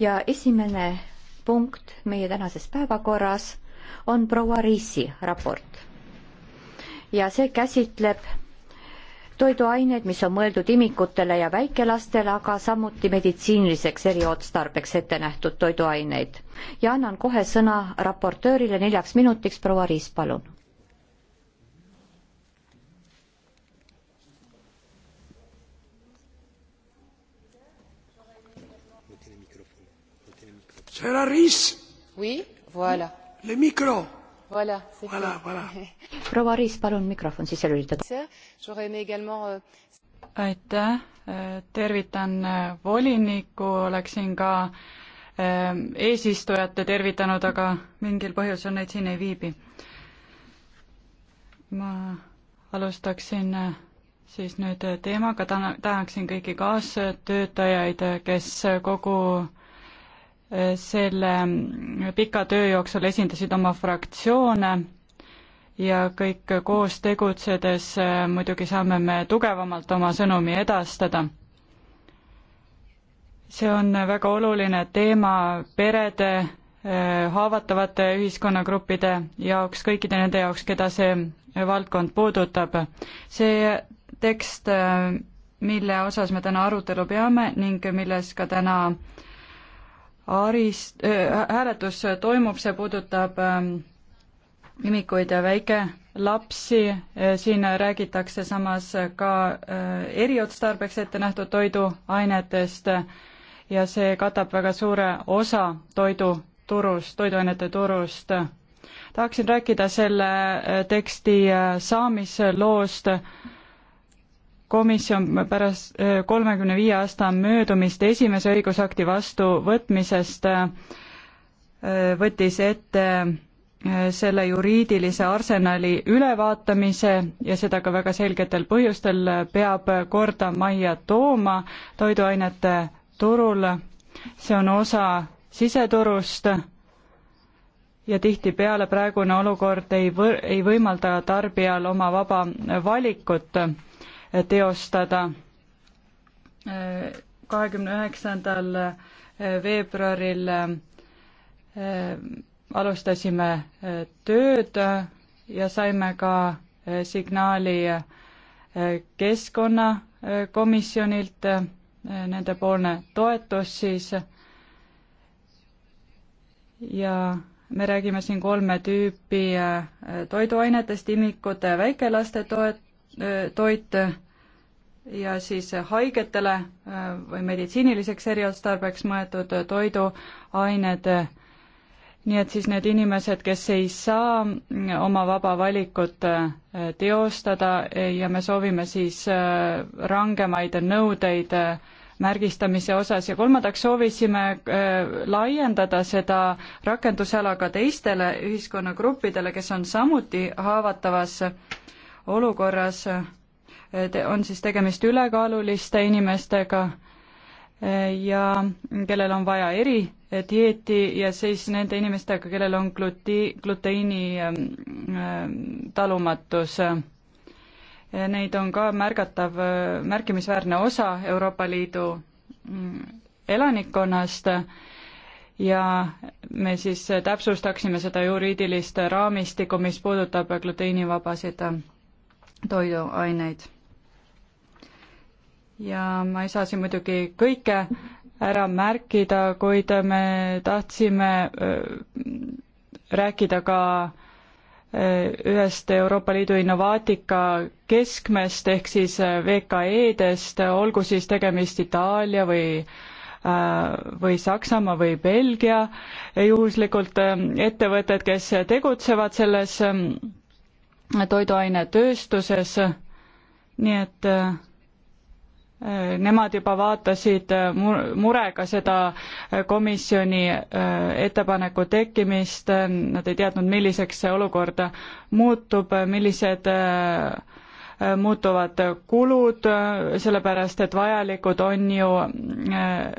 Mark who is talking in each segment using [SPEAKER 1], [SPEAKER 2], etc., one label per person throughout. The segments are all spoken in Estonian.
[SPEAKER 1] ja esimene punkt meie tänases päevakorras on proua Riisi raport. ja see käsitleb toiduained, mis on mõeldud imikutele ja väikelastele, aga samuti meditsiiniliseks eriotstarbeks ette nähtud toiduaineid. ja annan kohe sõna raportöörile neljaks minutiks, proua Riis, palun
[SPEAKER 2] Sarah Riis. oui, voilà. Le micro. Voilà, voilà, voilà.
[SPEAKER 1] proua Riis, palun mikrofon sisse lülitada.
[SPEAKER 2] Euh,
[SPEAKER 3] aitäh, äh, tervitan äh, volinikku, oleksin ka äh, eesistujate tervitanud, aga mingil põhjusel neid siin ei viibi. ma alustaksin siis nüüd teemaga, tahaksin kõiki kaastöötajaid, kes kogu selle mm, pika töö jooksul esindasid oma fraktsioone ja kõik koos tegutsedes äh, muidugi saame me tugevamalt oma sõnumi edastada. see on väga oluline teema perede, äh, haavatavate ühiskonnagruppide jaoks, kõikide nende jaoks, keda see valdkond puudutab. see tekst, äh, mille osas me täna arutelu peame ning milles ka täna äh, aris- äh,, hääletus toimub, see puudutab äh, imikuid ja väikelapsi, äh, siin räägitakse samas ka äh, eriotstarbeks ette nähtud toiduainetest ja see katab väga suure osa toiduturust, toiduainete turust. tahaksin rääkida selle äh, teksti äh, saamisloost äh, komisjon pärast kolmekümne viie aasta möödumist esimese õigusakti vastuvõtmisest võttis ette selle juriidilise arsenali ülevaatamise ja seda ka väga selgetel põhjustel peab korda majja tooma toiduainete turul. see on osa siseturust ja tihtipeale praegune olukord ei võ-, ei võimalda tarbijal oma vaba valikut teostada. kahekümne üheksandal veebruaril eh, alustasime eh, tööd ja saime ka eh, signaali keskkonnakomisjonilt, nendepoolne toetus siis ja me räägime siin kolme tüüpi toiduainetest, imikute, väikelaste toet-, toit ja siis haigetele äh, või meditsiiniliseks eriotstarbeks mõeldud toiduained. nii et siis need inimesed, kes ei saa oma vaba valikut äh, teostada äh, ja me soovime siis rangemaid nõudeid märgistamise osas ja kolmandaks soovisime laiendada seda rakendusala ka teistele ühiskonnagruppidele, kes on samuti haavatavas olukorras on siis tegemist ülekaaluliste inimestega eh, ja kellel on vaja eridieeti ja siis nende inimestega, kellel on gluti-, gluteiini eh, eh, talumatus. Neid on ka märgatav, märkimisväärne osa Euroopa Liidu mm, elanikkonnast ja me siis täpsustaksime seda juriidilist raamistikku, mis puudutab gluteiinivabasid toiduaineid. ja ma ei saa siin muidugi kõike ära märkida, kuid me tahtsime äh, rääkida ka äh, ühest Euroopa Liidu innovaatika keskmest ehk siis äh, VKE-dest, olgu siis tegemist Itaalia või või Saksamaa või Belgia, juhuslikult ettevõtted, kes tegutsevad selles toiduainetööstuses, nii et äh, nemad juba vaatasid äh, murega seda äh, komisjoni ettepaneku tekkimist, nad ei teadnud, milliseks see olukord muutub, millised muutuvad kulud, sellepärast et vajalikud on ju äh,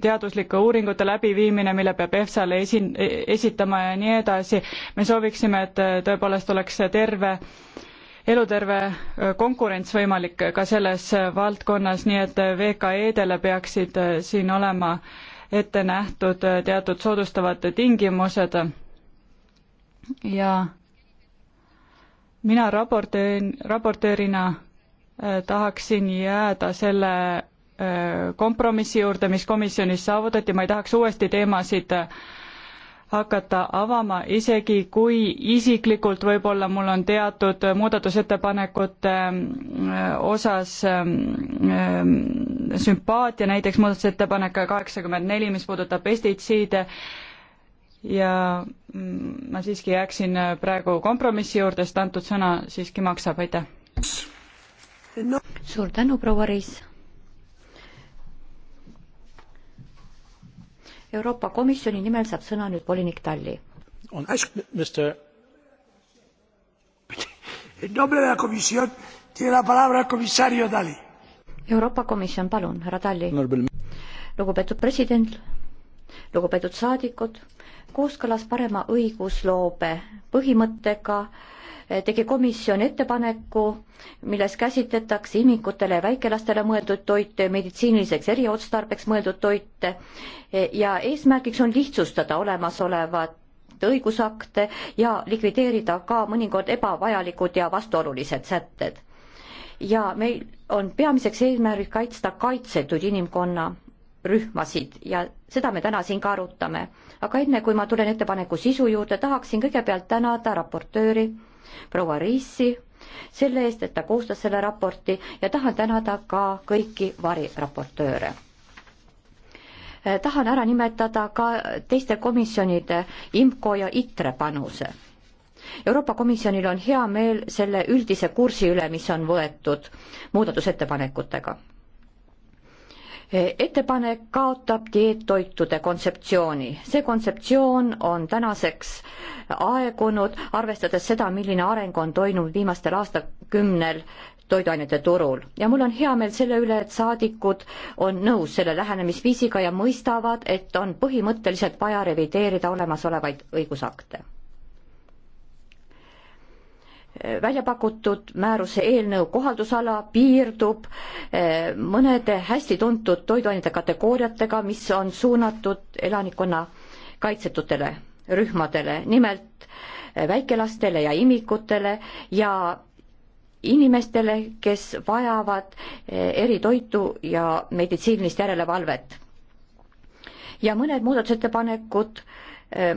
[SPEAKER 3] teaduslike uuringute läbiviimine, mille peab EFSA-le esi-, esitama ja nii edasi. me sooviksime, et tõepoolest oleks terve eluterve äh, konkurents võimalik ka selles valdkonnas, nii et VKE-dele peaksid äh, siin olema ette nähtud teatud soodustavad tingimused ja mina raportöör, raportöörina äh, tahaksin jääda selle äh, kompromissi juurde, mis komisjonis saavutati, ma ei tahaks uuesti teemasid äh, hakata avama, isegi kui isiklikult võib-olla mul on teatud muudatusettepanekute osas ähm, ähm, sümpaatia, näiteks muudatusettepanek kaheksakümmend neli, mis puudutab pestitsiide, ja mm, ma siiski jääksin äh, praegu kompromissi juurde, sest antud sõna siiski maksab, aitäh
[SPEAKER 1] no.. suur tänu, proua Riis. Euroopa Komisjoni nimel saab sõna nüüd volinik Talli. on hästi, Mr.
[SPEAKER 3] En nombre de la Comisión tiene la palabra el comisario Dali.
[SPEAKER 1] Euroopa Komisjon, palun, härra Talli. lugupeetud president, lugupeetud saadikud kooskõlas parema õigusloobe põhimõttega tegi komisjon ettepaneku, milles käsitletakse imikutele ja väikelastele mõeldud toite, meditsiiniliseks eriotstarbeks mõeldud toite ja eesmärgiks on lihtsustada olemasolevat õigusakte ja likvideerida ka mõnikord ebavajalikud ja vastuolulised sätted. ja meil on peamiseks eesmärgiks kaitsta kaitsetud inimkonna rühmasid ja seda me täna siin ka arutame. aga enne, kui ma tulen ettepaneku sisu juurde, tahaksin kõigepealt tänada raportööri proua Riissi selle eest, et ta koostas selle raporti ja tahan tänada ka kõiki variraportööre. Eh, tahan ära nimetada ka teiste komisjonide IMCO ja ITRE panuse. Euroopa Komisjonil on hea meel selle üldise kursi üle, mis on võetud muudatusettepanekutega ettepanek kaotab dieettoitude kontseptsiooni. see kontseptsioon on tänaseks aegunud, arvestades seda, milline areng on toimunud viimastel aastakümnel toiduainete turul ja mul on hea meel selle üle, et saadikud on nõus selle lähenemisviisiga ja mõistavad, et on põhimõtteliselt vaja revideerida olemasolevaid õigusakte välja pakutud määruse eelnõu kohaldusala piirdub eh, mõnede hästi tuntud toiduainete kategooriatega, mis on suunatud elanikkonna kaitsetutele rühmadele, nimelt eh, väikelastele ja imikutele ja inimestele, kes vajavad eh, eritoitu ja meditsiinilist järelevalvet. ja mõned muudatusettepanekud öö,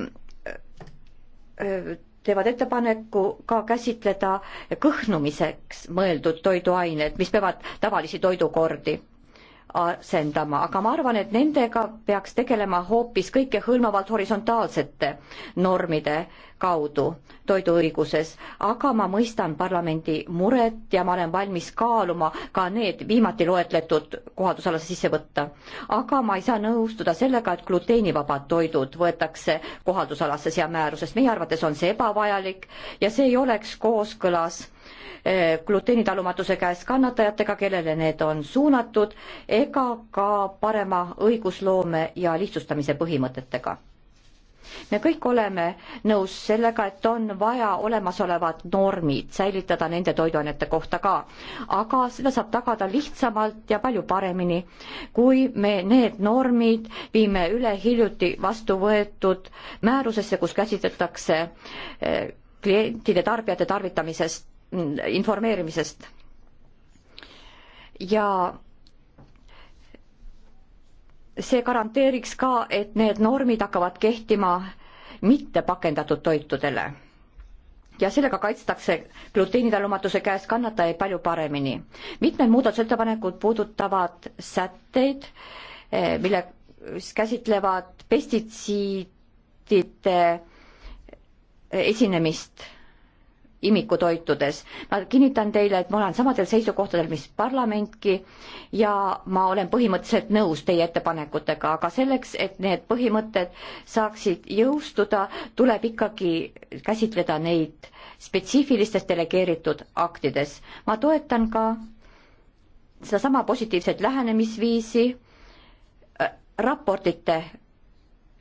[SPEAKER 1] öö, teevad ettepaneku ka käsitleda kõhnumiseks mõeldud toiduained, mis peavad tavalisi toidukordi asendama, aga ma arvan, et nendega peaks tegelema hoopis kõikehõlmavalt horisontaalsete normide kaudu toiduõiguses, aga ma mõistan parlamendi muret ja ma olen valmis kaaluma ka need viimati loetletud kohaldusalasse sisse võtta. aga ma ei saa nõustuda sellega, et gluteenivabad toidud võetakse kohaldusalasse siia määrusest, meie arvates on see ebavajalik ja see ei oleks kooskõlas gluteenitalumatuse käes kannatajatega, kellele need on suunatud, ega ka parema õigusloome ja lihtsustamise põhimõtetega me kõik oleme nõus sellega, et on vaja olemasolevad normid säilitada nende toiduainete kohta ka, aga seda saab tagada lihtsamalt ja palju paremini, kui me need normid viime üle hiljuti vastu võetud määrusesse, kus käsitletakse eh, klientide, tarbijate tarvitamisest informeerimisest. ja see garanteeriks ka, et need normid hakkavad kehtima mitte pakendatud toitudele. ja sellega kaitstakse gluteenitalumatuse käest kannatajaid palju paremini. mitmed muudatusettepanekud puudutavad sätteid, eh, mille käsitlevad pestitsiidide esinemist imikutoitudes. ma kinnitan teile, et ma olen samadel seisukohtadel, mis parlamentki ja ma olen põhimõtteliselt nõus teie ettepanekutega, aga selleks, et need põhimõtted saaksid jõustuda, tuleb ikkagi käsitleda neid spetsiifilistes delegeeritud aktides. ma toetan ka sedasama positiivset lähenemisviisi äh, raportite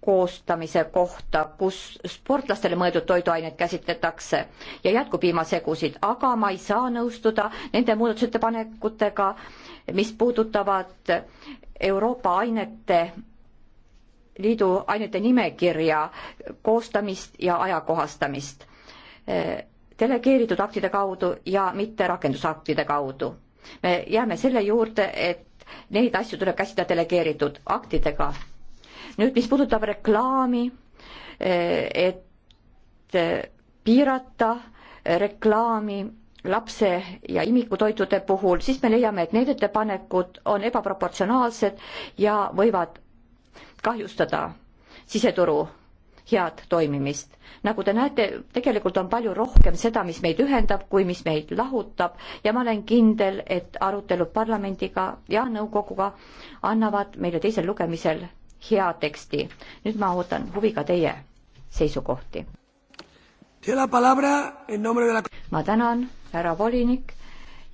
[SPEAKER 1] koostamise kohta, kus sportlastele mõeldud toiduained käsitletakse ja jätkupiimasegusid, aga ma ei saa nõustuda nende muudatusettepanekutega, mis puudutavad Euroopa ainete liidu ainete nimekirja koostamist ja ajakohastamist eh, delegeeritud aktide kaudu ja mitte rakendusaktide kaudu. me jääme selle juurde, et neid asju tuleb käsitleda delegeeritud aktidega nüüd, mis puudutab reklaami, eh, et eh, piirata eh, reklaami lapse ja imikutoitude puhul, siis me leiame, et need ettepanekud on ebaproportsionaalsed ja võivad kahjustada siseturu head toimimist. nagu te näete, tegelikult on palju rohkem seda, mis meid ühendab, kui mis meid lahutab ja ma olen kindel, et arutelud parlamendiga ja nõukoguga annavad meile teisel lugemisel hea teksti. nüüd ma ootan huviga teie seisukohti. ma tänan, härra volinik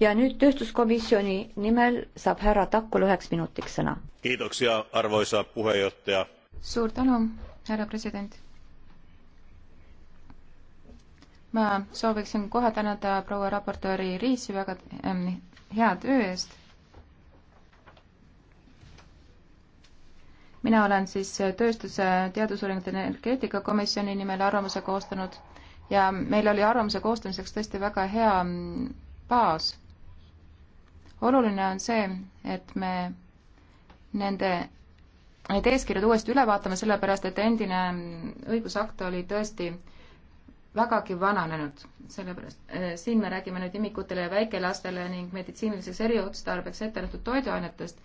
[SPEAKER 1] ja nüüd tööstuskomisjoni nimel saab härra Takul üheks minutiks sõna.
[SPEAKER 2] kiitoksia, arvoisa puhejuhataja.
[SPEAKER 1] suur tänu, härra president.
[SPEAKER 2] ma sooviksin kohe tänada proua raportööri Riisi väga ähm, hea töö eest mina olen siis tööstuse teadusuuringute energeetikakomisjoni nimel arvamuse koostanud ja meil oli arvamuse koostamiseks tõesti väga hea mm, baas. oluline on see, et me nende, need eeskirjad uuesti üle vaatame, sellepärast et endine mm, õigusakt oli tõesti vägagi vananenud, sellepärast äh, siin me räägime nüüd imikutele ja väikelastele ning meditsiiniliseks eriotstarbeks ette nähtud toiduainetest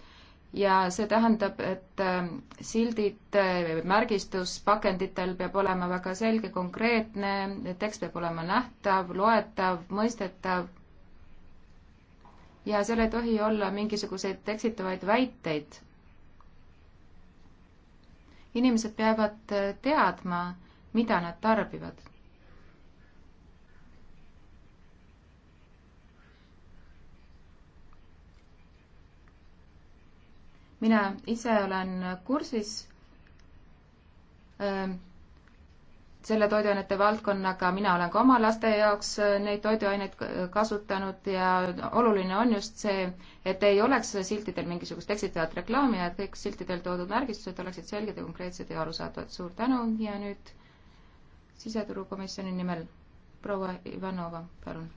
[SPEAKER 2] ja see tähendab, et ähm, sildid, äh, märgistus pakenditel peab olema väga selge, konkreetne, tekst peab olema nähtav, loetav, mõistetav. ja seal ei tohi olla mingisuguseid eksitavaid väiteid. inimesed peavad äh, teadma, mida nad tarbivad mina ise olen kursis ähm, selle toiduainete valdkonnaga, mina olen ka oma laste jaoks äh, neid toiduaineid äh, kasutanud ja oluline on just see, et ei oleks siltidel mingisugust eksitavat reklaami ja et kõik siltidel toodud märgistused oleksid selged ja konkreetsed ja arusaadavad. suur tänu ja nüüd siseturukomisjoni nimel proua Ivanova, palun.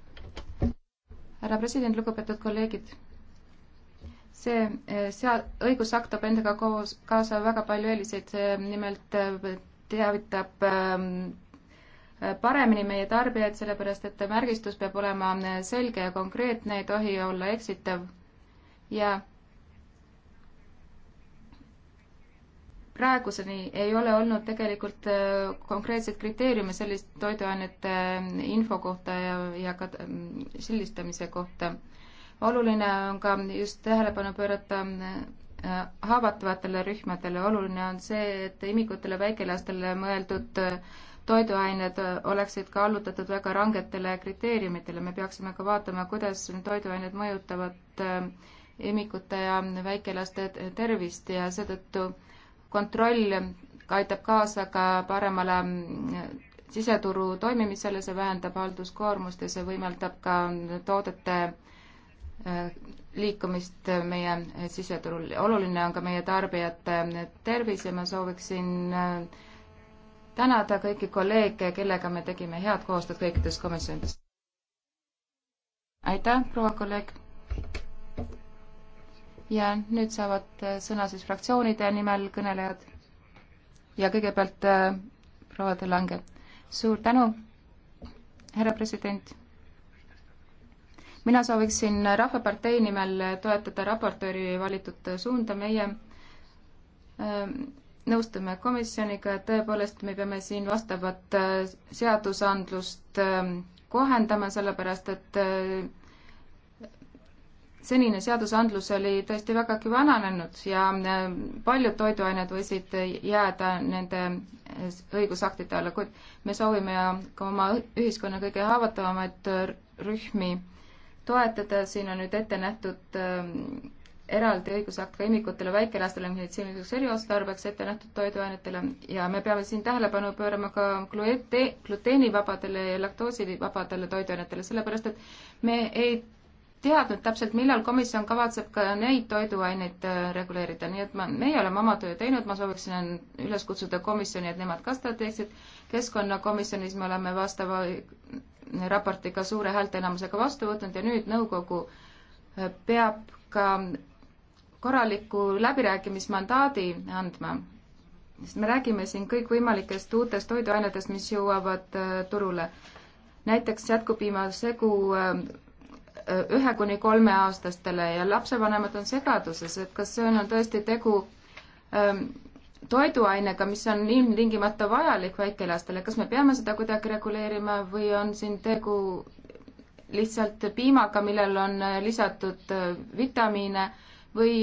[SPEAKER 2] härra president, lugupeetud kolleegid see eh, sea-, õigusakt toob endaga koos, kaasa väga palju eeliseid, eh, nimelt eh, teavitab paremini meie tarbijaid, sellepärast et märgistus peab olema selge ja konkreetne, ei tohi olla eksitav ja praeguseni ei ole olnud tegelikult konkreetseid kriteeriume sellist toiduainete info kohta ja, ja ka mm, sildistamise kohta oluline on ka just tähelepanu pöörata äh, haavatavatele rühmadele, oluline on see, et imikutele väikelastele mõeldud äh, toiduained äh, oleksid ka allutatud väga rangetele kriteeriumitele, me peaksime ka vaatama, kuidas toiduained mõjutavad imikute ja väikelaste tervist ja seetõttu kontroll aitab kaasa ka paremale siseturu toimimisele, see vähendab halduskoormust ja see võimaldab ka toodete Äh, liikumist meie siseturul. oluline on ka meie tarbijate tervis ja ma sooviksin äh, tänada kõiki kolleege, kellega me tegime head koostööd kõikides komisjonides. aitäh, proua kolleeg. ja nüüd saavad äh, sõna siis fraktsioonide nimel kõnelejad. ja kõigepealt proua De Lange. suur tänu, härra president mina sooviksin Rahvapartei nimel toetada raportööri valitud suunda, meie ähm, nõustume komisjoniga, et tõepoolest me peame siin vastavat äh, seadusandlust ähm, kohendama, sellepärast et äh, senine seadusandlus oli tõesti vägagi vananenud ja äh, paljud toiduained võisid jääda nende õigusaktide alla, kuid me soovime ka oma ühiskonna kõige haavatavamaid rühmi toetada, siin on nüüd ette nähtud ähm, eraldi õigusakt ka imikutele, väikelastele, meditsiiniliseks eriotstarbeks ette nähtud toiduainetele ja me peame siin tähelepanu pöörama ka gluteenivabadele ja laktoosivabadele toiduainetele, sellepärast et me ei teadnud täpselt, millal komisjon kavatseb ka neid toiduaineid äh, reguleerida, nii et ma, meie oleme oma töö teinud, ma sooviksin äh, üles kutsuda komisjoni, et nemad ka seda teeksid. keskkonnakomisjonis me oleme vastava raporti ka suure häälteenamusega vastu võtnud ja nüüd nõukogu äh, peab ka korraliku läbirääkimismandaadi andma. sest me räägime siin kõikvõimalikest uutest toiduainetest, mis jõuavad äh, turule. näiteks jätkub piimasegu äh, ühe kuni kolmeaastastele ja lapsevanemad on segaduses, et kas see on tõesti tegu ähm, toiduainega, mis on ilmtingimata vajalik väikelastele, kas me peame seda kuidagi reguleerima või on siin tegu lihtsalt piimaga, millel on lisatud äh, vitamiine või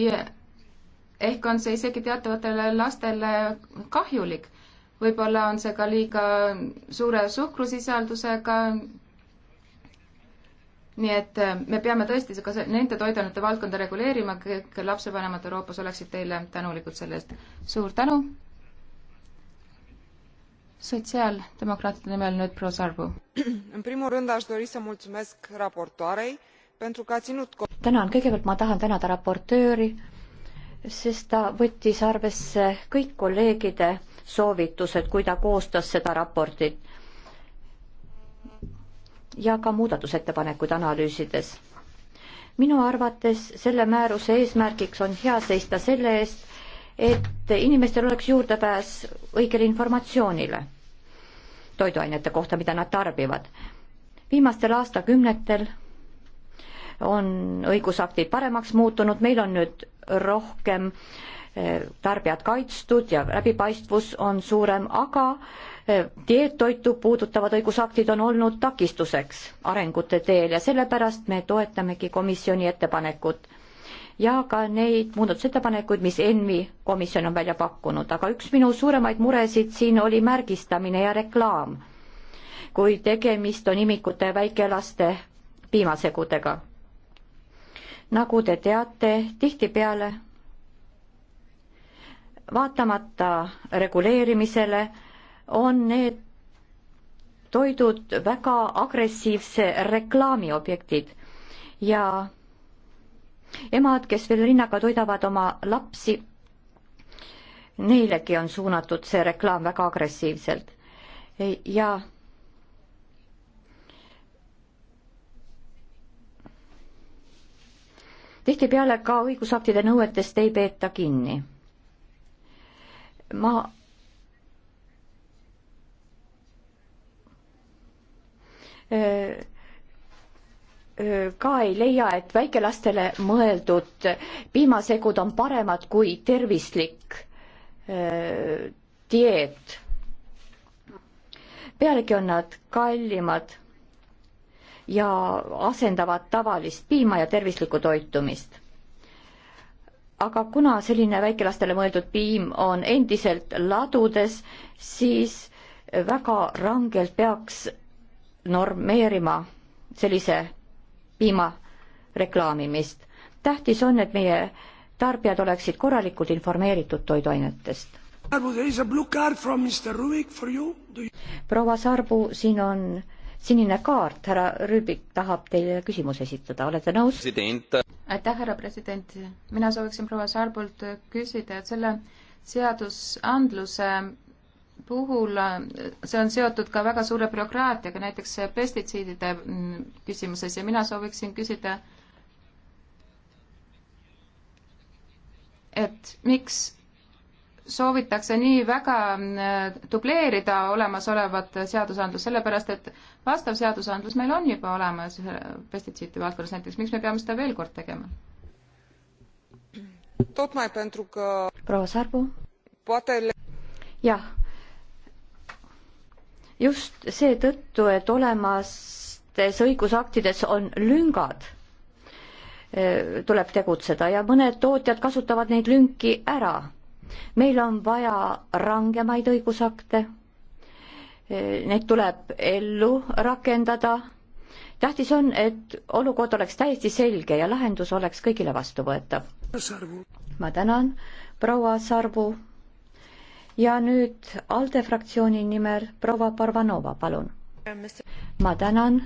[SPEAKER 2] ehk on see isegi teatavatele lastele kahjulik. võib-olla on see ka liiga suure suhkrusisaldusega nii et äh, me peame tõesti ka nende toiduainete valdkonda reguleerima, kõik lapsevanemad Euroopas oleksid teile tänulikud selle eest. suur tänu! sotsiaaldemokraatide nimel nüüd proua Sarbu.
[SPEAKER 1] tänan, kõigepealt ma tahan tänada raportööri, sest ta võttis arvesse kõik kolleegide soovitused, kui ta koostas seda raportit ja ka muudatusettepanekuid analüüsides. minu arvates selle määruse eesmärgiks on hea seista selle eest, et inimestel oleks juurdepääs õigele informatsioonile toiduainete kohta, mida nad tarbivad. viimastel aastakümnetel on õigusaktid paremaks muutunud, meil on nüüd rohkem eh, tarbijad kaitstud ja läbipaistvus on suurem, aga dieettoitu puudutavad õigusaktid on olnud takistuseks arengute teel ja sellepärast me toetamegi komisjoni ettepanekut ja ka neid muudatusettepanekuid, mis ENMi komisjon on välja pakkunud, aga üks minu suuremaid muresid siin oli märgistamine ja reklaam, kui tegemist on imikute ja väikelaste piimasegudega. nagu te teate, tihtipeale vaatamata reguleerimisele on need toidud väga agressiivse reklaami objektid ja emad, kes veel rinnaga toidavad oma lapsi, neilegi on suunatud see reklaam väga agressiivselt ja tihtipeale ka õigusaktide nõuetest ei peeta kinni. ma ka ei leia, et väikelastele mõeldud piimasegud on paremad kui tervislik äh, dieet. pealegi on nad kallimad ja asendavad tavalist piima ja tervislikku toitumist aga kuna selline väikelastele mõeldud piim on endiselt ladudes, siis väga rangelt peaks normeerima sellise piima reklaamimist. tähtis on, et meie tarbijad oleksid korralikult informeeritud toiduainetest. proua Sarbu, siin on sinine kaart, härra Rüübik tahab teile küsimuse esitada, olete nõus?
[SPEAKER 2] aitäh, härra president. mina sooviksin proua Sarbult küsida, et selle seadusandluse puhul äh, see on seotud ka väga suure bürokraatiaga, näiteks äh, pestitsiidide mm, küsimuses ja mina sooviksin küsida, et miks soovitakse nii väga mm, äh, dubleerida olemasolevat seadusandlust, sellepärast et vastav seadusandlus meil on juba olemas pestitsiidide valdkonnas näiteks, miks me peame seda veel kord tegema?
[SPEAKER 1] proua Sarbu? jah just seetõttu, et olemastes õigusaktides on lüngad, eh, tuleb tegutseda ja mõned tootjad kasutavad neid lünki ära. meil on vaja rangemaid õigusakte, eh, need tuleb ellu rakendada, tähtis on, et olukord oleks täiesti selge ja lahendus oleks kõigile vastuvõetav. ma tänan, proua Sarbu ja nüüd ALDE fraktsiooni nimel proua Parvanova, palun. ma tänan,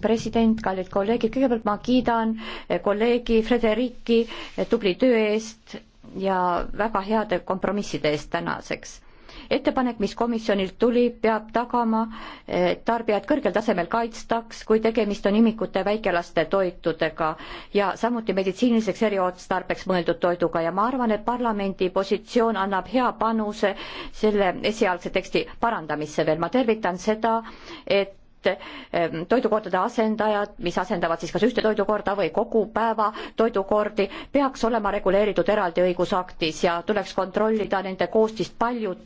[SPEAKER 1] president, kallid kolleegid, kõigepealt ma kiidan eh, kolleegi Frederiki eh, tubli töö eest ja väga heade kompromisside eest tänaseks ettepanek, mis komisjonilt tuli, peab tagama, et tarbijad kõrgel tasemel kaitstaks, kui tegemist on imikute väikelaste toitudega ja samuti meditsiiniliseks eriotstarbeks mõeldud toiduga ja ma arvan, et parlamendi positsioon annab hea panuse selle esialgse teksti parandamisse veel. ma tervitan seda, et ehm, toidukordade asendajad, mis asendavad siis kas ühte toidukorda või kogu päeva toidukordi, peaks olema reguleeritud eraldi õigusaktis ja tuleks kontrollida nende koostist paljud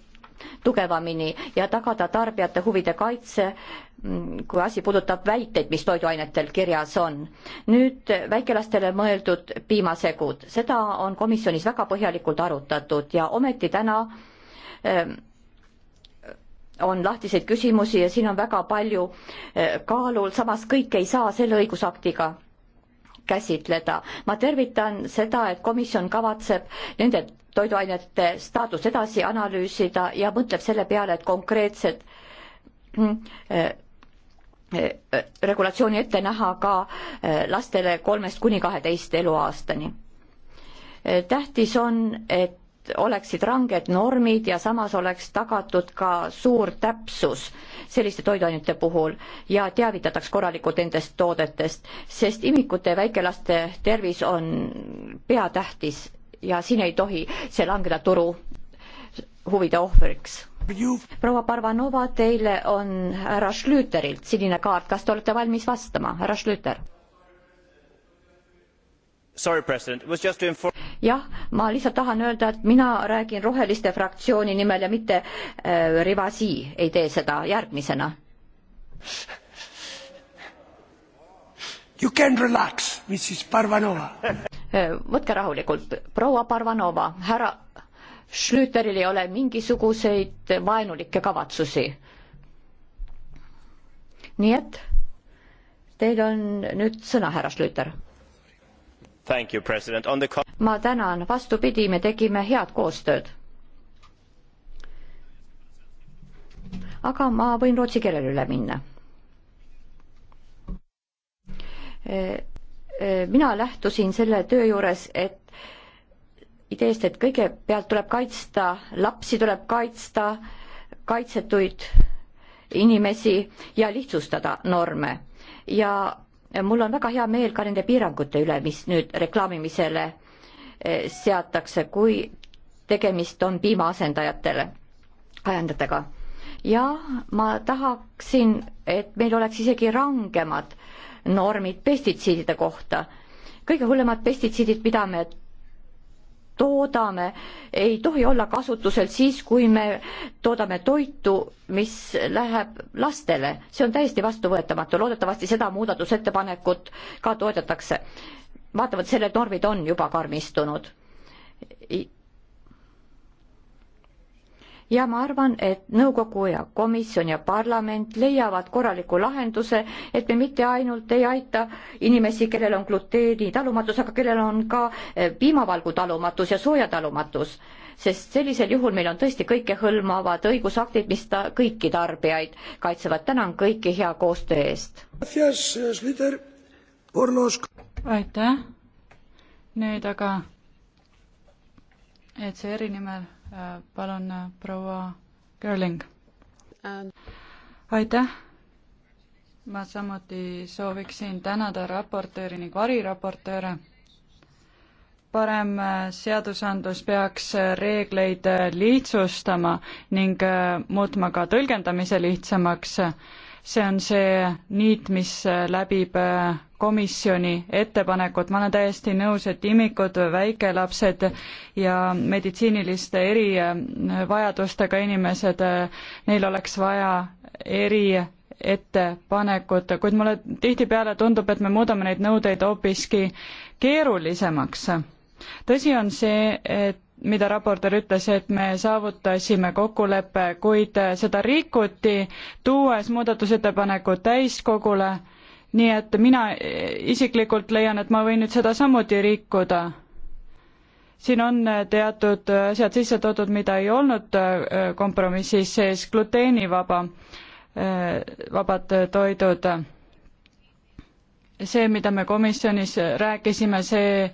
[SPEAKER 1] tugevamini ja tagada tarbijate huvide kaitse, mm, kui asi puudutab väiteid, mis toiduainetel kirjas on. nüüd väikelastele mõeldud piimasegud, seda on komisjonis väga põhjalikult arutatud ja ometi täna ehm, on lahtiseid küsimusi ja siin on väga palju eh, kaalul, samas kõike ei saa selle õigusaktiga käsitleda. ma tervitan seda, et komisjon kavatseb nende toiduainete staatust edasi analüüsida ja mõtleb selle peale, et konkreetsed mm, eh, eh, regulatsiooni ette näha ka eh, lastele kolmest kuni kaheteist eluaastani. tähtis on, et oleksid ranged normid ja samas oleks tagatud ka suur täpsus selliste toiduainete puhul ja teavitataks korralikult nendest toodetest, sest imikute ja väikelaste tervis on peatähtis ja siin ei tohi see langeda turu huvide ohvriks. proua Parvanova, teile on härra Schlüterilt sinine kaart, kas te olete valmis vastama, härra Schlüter? jah, ma lihtsalt tahan öelda, et mina räägin Roheliste fraktsiooni nimel ja mitte äh, Rivasi ei tee seda järgmisena. You can relax, Mrs Parvanova Äh, võtke rahulikult, proua Parvanova, härra Schlüteril ei ole mingisuguseid vaenulikke kavatsusi. nii et teil on nüüd sõna, härra Schlüter. The... ma tänan, vastupidi, me tegime head koostööd. aga ma võin rootsi keelele üle minna e Äh, mina lähtusin selle töö juures, et ideest, et kõigepealt tuleb kaitsta lapsi, tuleb kaitsta kaitsetuid inimesi ja lihtsustada norme. ja mul on väga hea meel ka nende piirangute üle, mis nüüd reklaamimisele äh, seatakse, kui tegemist on piimaasendajatele, ajendajatega. ja ma tahaksin, et meil oleks isegi rangemad äh, normid pestitsiidide kohta. kõige hullemad pestitsiidid, mida me toodame, ei tohi olla kasutusel siis, kui me toodame toitu, mis läheb lastele. see on täiesti vastuvõetamatu, loodetavasti seda muudatusettepanekut ka toetatakse. vaatavad, selle normid on juba karmistunud ja ma arvan, et nõukogu ja komisjon ja parlament leiavad korraliku lahenduse, et me mitte ainult ei aita inimesi, kellel on gluteeni talumatus, aga kellel on ka eh, piimavalgu talumatus ja soojatalumatus. sest sellisel juhul meil on tõesti kõikehõlmavad õigusaktid, mis ta kõiki tarbijaid kaitsevad. tänan kõiki hea koostöö eest. aitäh. nüüd aga
[SPEAKER 3] ECR-i nimel Äh, palun äh, proua Gerling. Ähm. aitäh. ma samuti sooviksin tänada raportööri ning variraportööre. parem äh, seadusandlus peaks reegleid lihtsustama ning muutma ka tõlgendamise lihtsamaks see on see niit, mis läbib äh, komisjoni ettepanekut, ma olen täiesti nõus, et imikud, väikelapsed ja meditsiiniliste erivajadustega äh, inimesed, äh, neil oleks vaja eri ettepanekut, kuid mulle tihtipeale tundub, et me muudame neid nõudeid hoopiski keerulisemaks. tõsi on see, et mida raportöör ütles, et me saavutasime kokkuleppe, kuid seda rikuti, tuues muudatusettepanekud täiskogule, nii et mina isiklikult leian, et ma võin nüüd seda samuti rikkuda. siin on teatud asjad sisse toodud, mida ei olnud kompromissis sees, gluteenivaba, vabad toidud. see, mida me komisjonis rääkisime, see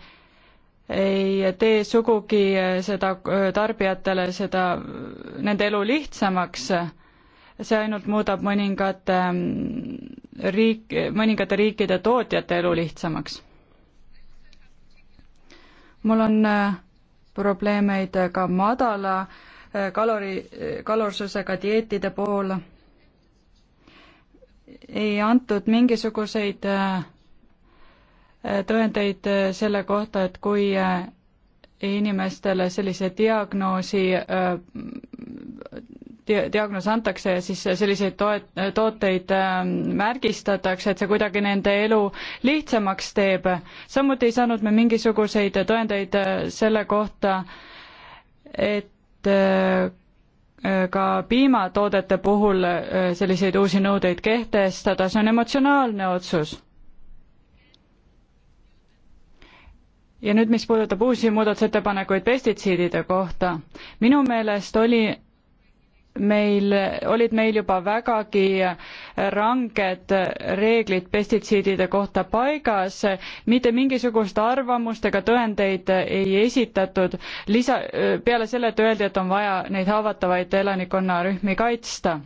[SPEAKER 3] ei tee sugugi äh, seda äh, tarbijatele seda, äh, nende elu lihtsamaks, see ainult muudab mõningate ähm, riik, mõningate riikide tootjate elu lihtsamaks. mul on probleemeid ka madala kalori, kalorsusega dieetide pool. ei antud mingisuguseid äh, tõendeid äh, selle kohta, et kui äh, inimestele sellise diagnoosi äh, diagnoos antakse ja siis selliseid toet-, tooteid märgistatakse, et see kuidagi nende elu lihtsamaks teeb. samuti ei saanud me mingisuguseid tõendeid selle kohta, et ka piimatoodete puhul selliseid uusi nõudeid kehtestada, see on emotsionaalne otsus ja nüüd, mis puudutab uusi muudatusettepanekuid pestitsiidide kohta, minu meelest oli meil, olid meil juba vägagi ranged reeglid pestitsiidide kohta paigas, mitte mingisugust arvamust ega tõendeid ei esitatud, lisa, peale selle, et öeldi, et on vaja neid haavatavaid elanikkonnarühmi kaitsta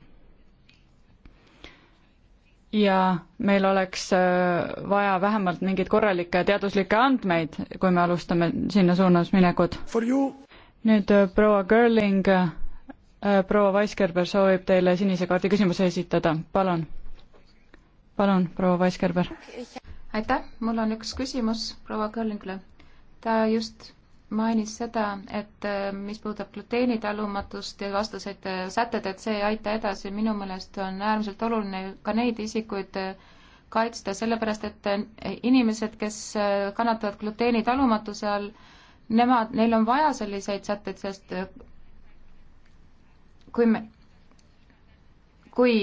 [SPEAKER 3] ja meil oleks äh, vaja vähemalt mingeid korralikke teaduslikke andmeid, kui me alustame sinna suunas minekut. nüüd äh, proua Girling, äh, proua Weisgerber soovib teile sinise kaardi küsimuse esitada, palun. palun, proua Weisgerber.
[SPEAKER 2] aitäh, mul on üks küsimus proua Girlingule. ta just mainis seda, et äh, mis puudutab gluteenitalumatust ja vastaseid äh, sätted, et see ei aita edasi, minu meelest on äärmiselt oluline ka neid isikuid äh, kaitsta, sellepärast et inimesed, kes kannatavad gluteenitalumatuse all, nemad, neil on vaja selliseid sätteid, sest kui me, kui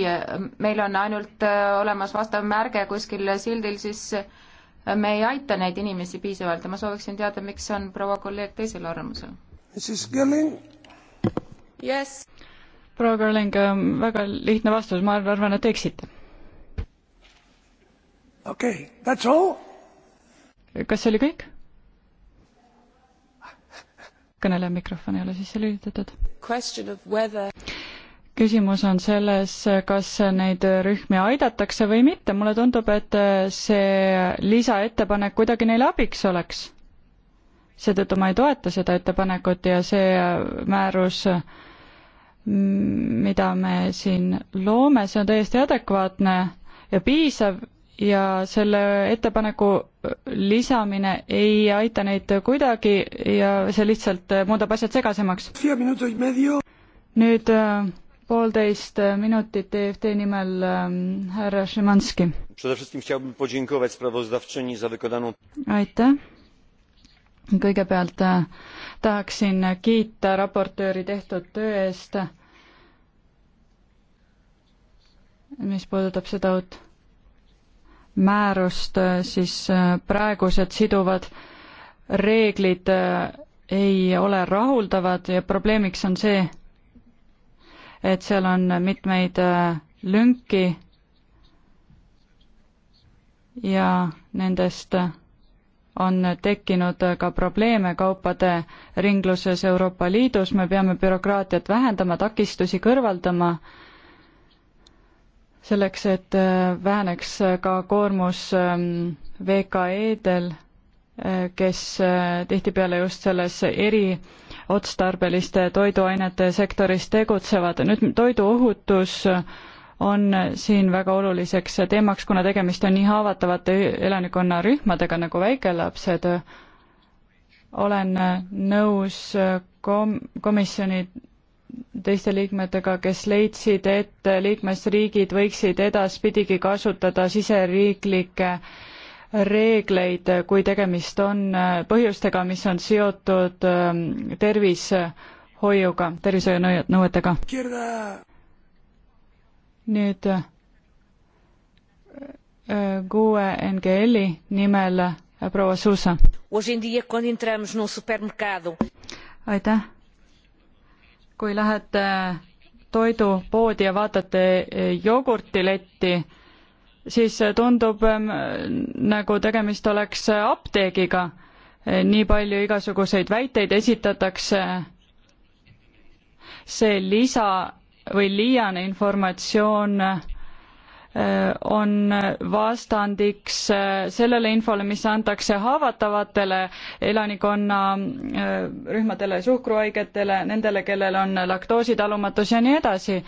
[SPEAKER 2] meil on ainult olemas vastav märge kuskil sildil, siis me ei aita neid inimesi piisavalt ja ma sooviksin teada, miks on proua kolleeg teisel arvamusel?
[SPEAKER 3] Yes. proua Gerling, äh, väga lihtne vastus, ma arvan, et te eksite. okei okay,, that's all. kas see oli kõik? kõneleja mikrofon ei ole sisse lülitatud. Whether küsimus on selles, kas neid rühmi aidatakse või mitte, mulle tundub, et see lisaettepanek kuidagi neile abiks oleks. seetõttu ma ei toeta seda ettepanekut ja see määrus, mida me siin loome, see on täiesti adekvaatne ja piisav ja selle ettepaneku lisamine ei aita neid kuidagi ja see lihtsalt muudab asjad segasemaks. nüüd äh, poolteist minutit EFT nimel ähm, härra Szymanski. aitäh. kõigepealt äh, tahaksin kiita raportööri tehtud töö eest, mis puudutab seda uut määrust, äh, siis äh, praegused siduvad reeglid ei ole rahuldavad ja probleemiks on see, et seal on mitmeid äh, lünki ja nendest on tekkinud ka probleeme kaupade ringluses Euroopa Liidus, me peame bürokraatiat vähendama, takistusi kõrvaldama, selleks, et äh, väheneks ka koormus ähm, VKE-del, äh, kes tihtipeale just selles eri otstarbeliste toiduainete sektoris tegutsevad. nüüd toiduohutus on siin väga oluliseks teemaks, kuna tegemist on nii haavatavate elanikkonnarühmadega nagu väikelapsed. olen nõus kom-, komisjoni teiste liikmetega, kes leidsid, et liikmesriigid võiksid edaspidigi kasutada siseriiklikke äh, reegleid, kui tegemist on äh, põhjustega, mis on seotud ähm, tervishoiuga, tervishoiunõuetega. nüüd äh, äh, GUE NGL-i nimel proua Suusa. aitäh. kui lähete toidupoodi ja vaatate jogurtiletti, siis tundub nagu tegemist oleks apteegiga. nii palju igasuguseid väiteid esitatakse. see lisa või liiane informatsioon eh, on vastandiks eh, sellele infole, mis antakse haavatavatele elanikkonna eh, rühmadele, suhkruhaigetele, nendele, kellel on laktoositalumatus ja nii edasi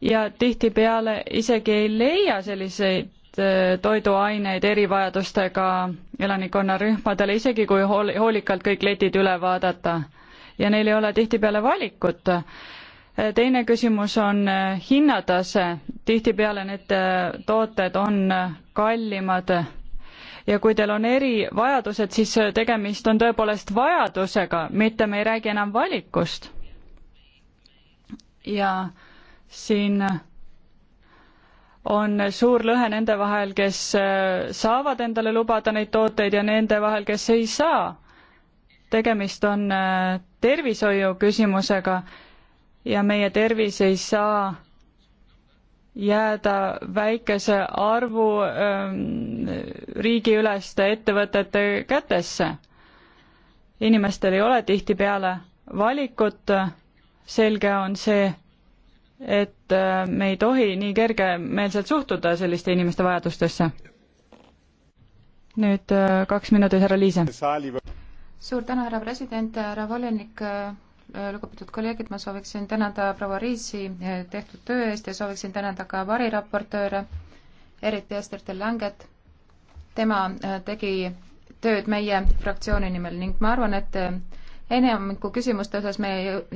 [SPEAKER 3] ja tihtipeale isegi ei leia selliseid äh, toiduaineid erivajadustega elanikkonnarühmadele, isegi kui hool-, hoolikalt kõik letid üle vaadata. ja neil ei ole tihtipeale valikut. Äh, teine küsimus on äh, hinnatase, tihtipeale need tooted on kallimad ja kui teil on erivajadused, siis tegemist on tõepoolest vajadusega, mitte me ei räägi enam valikust. ja äh, siin on suur lõhe nende vahel, kes äh, saavad endale lubada neid tooteid ja nende vahel, kes ei saa. tegemist on äh, tervishoiu küsimusega ja meie tervis ei saa jääda väikese arvu ähm, riigiüleste ettevõtete kätesse. inimestel ei ole tihtipeale valikut, selge on see, et äh, me ei tohi nii kergemeelselt suhtuda selliste inimeste vajadustesse. nüüd äh, kaks minutit, härra Liise.
[SPEAKER 2] suur tänu, härra president, härra volinik, äh, lugupeetud kolleegid, ma sooviksin tänada proua Riisi tehtud töö eest ja sooviksin tänada ka variraportööre, eriti Ester Langet. tema tegi tööd meie fraktsiooni nimel ning ma arvan, et enamiku küsimuste osas me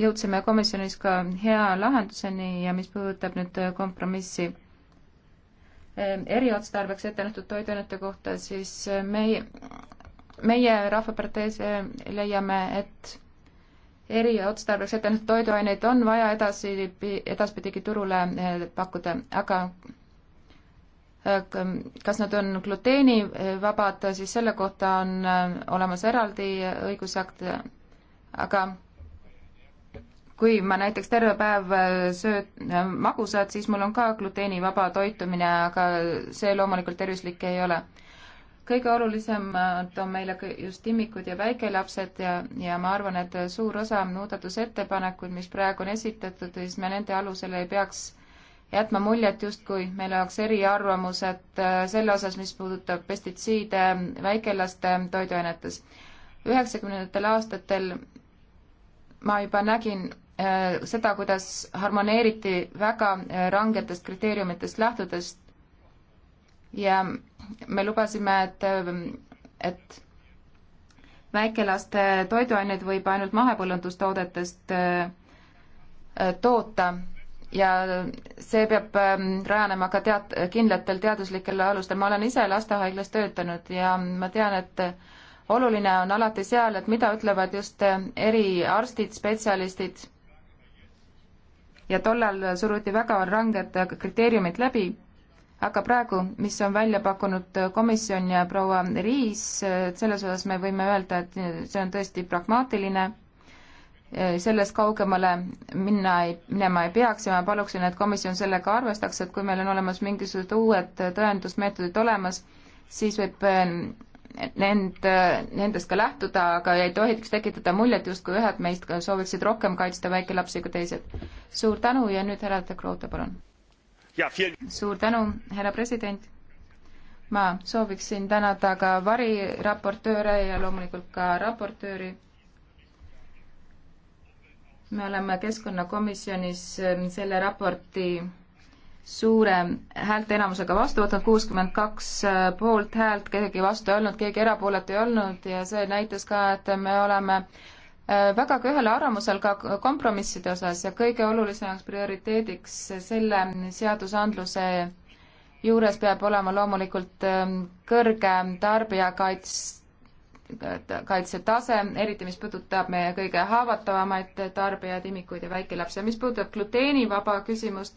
[SPEAKER 2] jõudsime komisjonis ka hea lahenduseni ja mis puudutab nüüd kompromissi ehm, eriotstarbeks ette nähtud toiduainete kohta, siis ehm, meie, meie Rahvaparteis ehm, leiame, et eriotstarbeks ette nähtud toiduaineid on vaja edasi, edaspidigi turule pakkuda, aga kas nad on gluteenivabad, siis selle kohta on olemas eraldi õigusakt aga kui ma näiteks terve päev äh, söön äh, magusat, siis mul on ka gluteenivaba toitumine, aga see loomulikult tervislik ei ole. kõige olulisemad on meile just immikud ja väikelapsed ja, ja ma arvan, et suur osa muudatusettepanekuid, mis praegu on esitatud, siis me nende alusel ei peaks jätma muljet, justkui meil oleks eriarvamused äh, selle osas, mis puudutab pestitsiide väikelaste toiduainetes. üheksakümnendatel aastatel ma juba nägin äh, seda, kuidas harmoneeriti väga äh, rangetest kriteeriumitest lähtudest ja me lubasime, et, äh, et väikelaste toiduaineid võib ainult mahepõllundustoodetest toota ja see peab ähm, rajanema ka tead-, kindlatel teaduslikel alustel. ma olen ise lastehaiglas töötanud ja ma tean, et oluline on alati seal, et mida ütlevad just eriarstid, spetsialistid ja tollal suruti väga ranged kriteeriumid läbi, aga praegu, mis on välja pakkunud komisjon ja proua Riis, et selles osas me võime öelda, et see on tõesti pragmaatiline, sellest kaugemale minna ei, minema ei peaks ja ma paluksin, et komisjon sellega arvestaks, et kui meil on olemas mingisugused uued tõendusmeetodid olemas, siis võib nend, nendest ka lähtuda, aga ei tohiks tekitada muljet, justkui ühed meist ka sooviksid rohkem kaitsta väikelapsi kui teised. suur tänu ja nüüd härra De Croote, palun. suur tänu, härra president. ma sooviksin tänada ka variraportööre ja loomulikult ka raportööri me oleme Keskkonnakomisjonis selle raporti suure häälteenamusega vastu võtnud, kuuskümmend kaks äh, poolthäält, keegi vastu ei olnud, keegi erapooletu ei olnud ja see näitas ka, et me oleme äh, vägagi ühel arvamusel ka kompromisside osas ja kõige olulisemaks prioriteediks selle seadusandluse juures peab olema loomulikult ähm, kõrge tarbijakaits, kaitsetase, eriti mis puudutab meie kõige haavatavamaid tarbijaid, imikuid ja väikelapsi ja mis puudutab gluteenivaba küsimust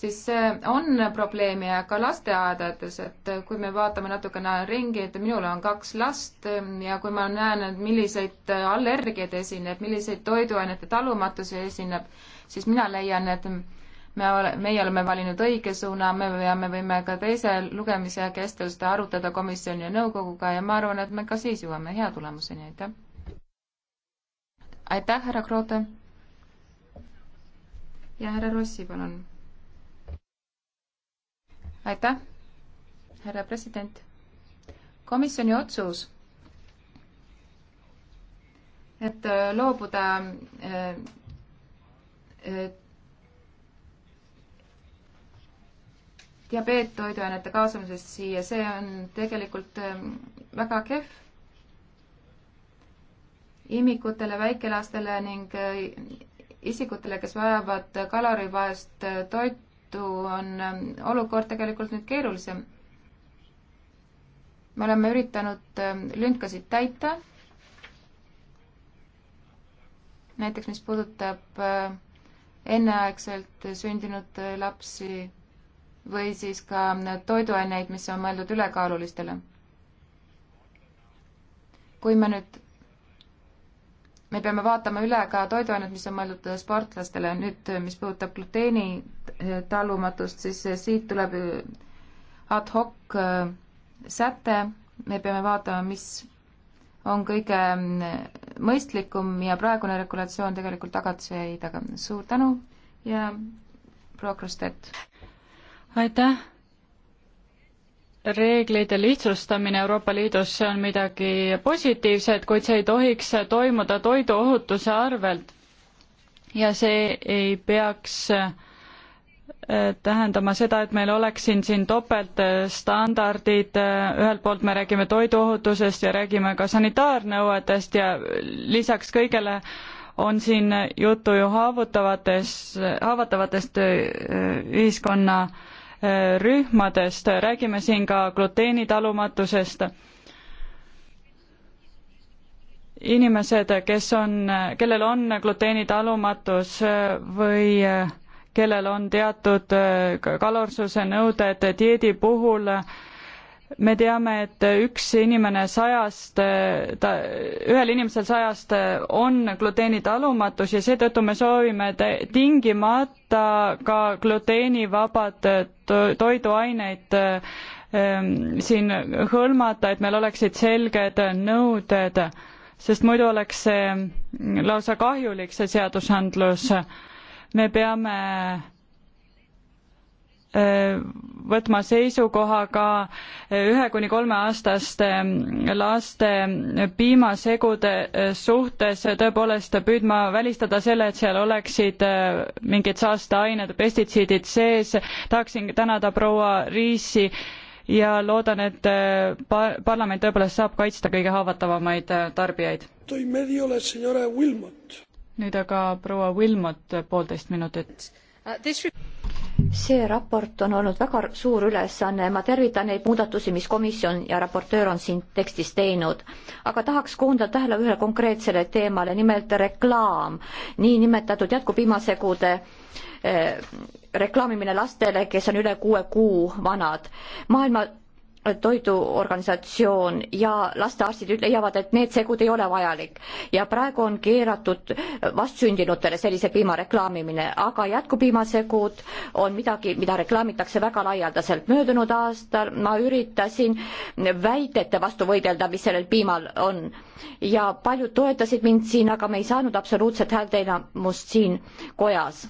[SPEAKER 2] siis see on probleem ja ka lasteaedades, et kui me vaatame natukene ringi, et minul on kaks last ja kui ma näen, et milliseid allergiaid esineb, milliseid toiduainete talumatusi esineb, siis mina leian, et me ole, meie oleme valinud õige suuna, me peame, võime ka teise lugemise kestel seda arutada komisjoni ja nõukoguga ja ma arvan, et me ka siis jõuame hea tulemuseni, aitäh. aitäh, härra Kroote. ja härra Rossi, palun aitäh, härra president. komisjoni otsus, et äh, loobuda äh, äh, diabeettoiduainete kaasamisest siia, see on tegelikult ähm, väga kehv. imikutele, väikelastele ning isikutele, kes vajavad kalorivaest toitu, tõttu on ähm, olukord tegelikult nüüd keerulisem. me oleme üritanud ähm, lünkasid täita, näiteks mis puudutab äh, enneaegselt sündinud äh, lapsi või siis ka äh, toiduaineid, mis on mõeldud ülekaalulistele. kui me nüüd me peame vaatama üle ka toiduained, mis on mõeldud sportlastele. nüüd, mis puudutab gluteeni talumatust, siis siit tuleb ad hoc äh, säte. me peame vaatama, mis on kõige äh, mõistlikum ja praegune regulatsioon tegelikult tagatisi ei taga. suur tänu ja proua Krustet! aitäh!
[SPEAKER 3] reeglite lihtsustamine Euroopa Liidus, see on midagi positiivset, kuid see ei tohiks toimuda toiduohutuse arvelt. ja see ei peaks äh, tähendama seda, et meil oleks siin, siin topeltstandardid, äh, ühelt poolt me räägime toiduohutusest ja räägime ka sanitaarnõuetest ja lisaks kõigele on siin juttu ju haavutavatest, haavatavatest äh, ühiskonna äh, rühmadest, räägime siin ka gluteenitalumatusest. inimesed, kes on, kellel on gluteenitalumatus või kellel on teatud kalorsuse nõuded dieedi puhul, me teame, et üks inimene sajast, ta, ühel inimesel sajast on gluteenitalumatus ja seetõttu me soovime tingimata ka gluteenivabad toiduaineid ehm, siin hõlmata, et meil oleksid selged nõuded, sest muidu oleks see lausa kahjulik, see seadusandlus. me peame Äh, võtma seisukoha ka äh, ühe kuni kolmeaastaste äh, laste piimasegude suhtes, tõepoolest püüdma välistada selle, et seal oleksid mingid saasteained, pestitsiidid sees. tahaksin tänada proua Riisi ja loodan, et par-, parlament tõepoolest saab kaitsta kõige haavatavamaid tarbijaid. nüüd aga proua Wilmot, poolteist minutit.
[SPEAKER 1] Uh, see raport on olnud väga suur ülesanne, ma tervitan neid muudatusi, mis komisjon ja raportöör on siin tekstis teinud, aga tahaks koondada tähelepanu ühele konkreetsele teemale, nimelt reklaam, niinimetatud jätkupiimasegude eh, reklaamimine lastele, kes on üle kuue kuu vanad. maailma toiduorganisatsioon ja lastearstid leiavad, et need segud ei ole vajalik ja praegu on keeratud vastsündinutele sellise piima reklaamimine, aga jätkupiimasegud on midagi, mida reklaamitakse väga laialdaselt. möödunud aastal ma üritasin väidete vastu võidelda, mis sellel piimal on ja paljud toetasid mind siin, aga me ei saanud absoluutset häälteenamust siin kojas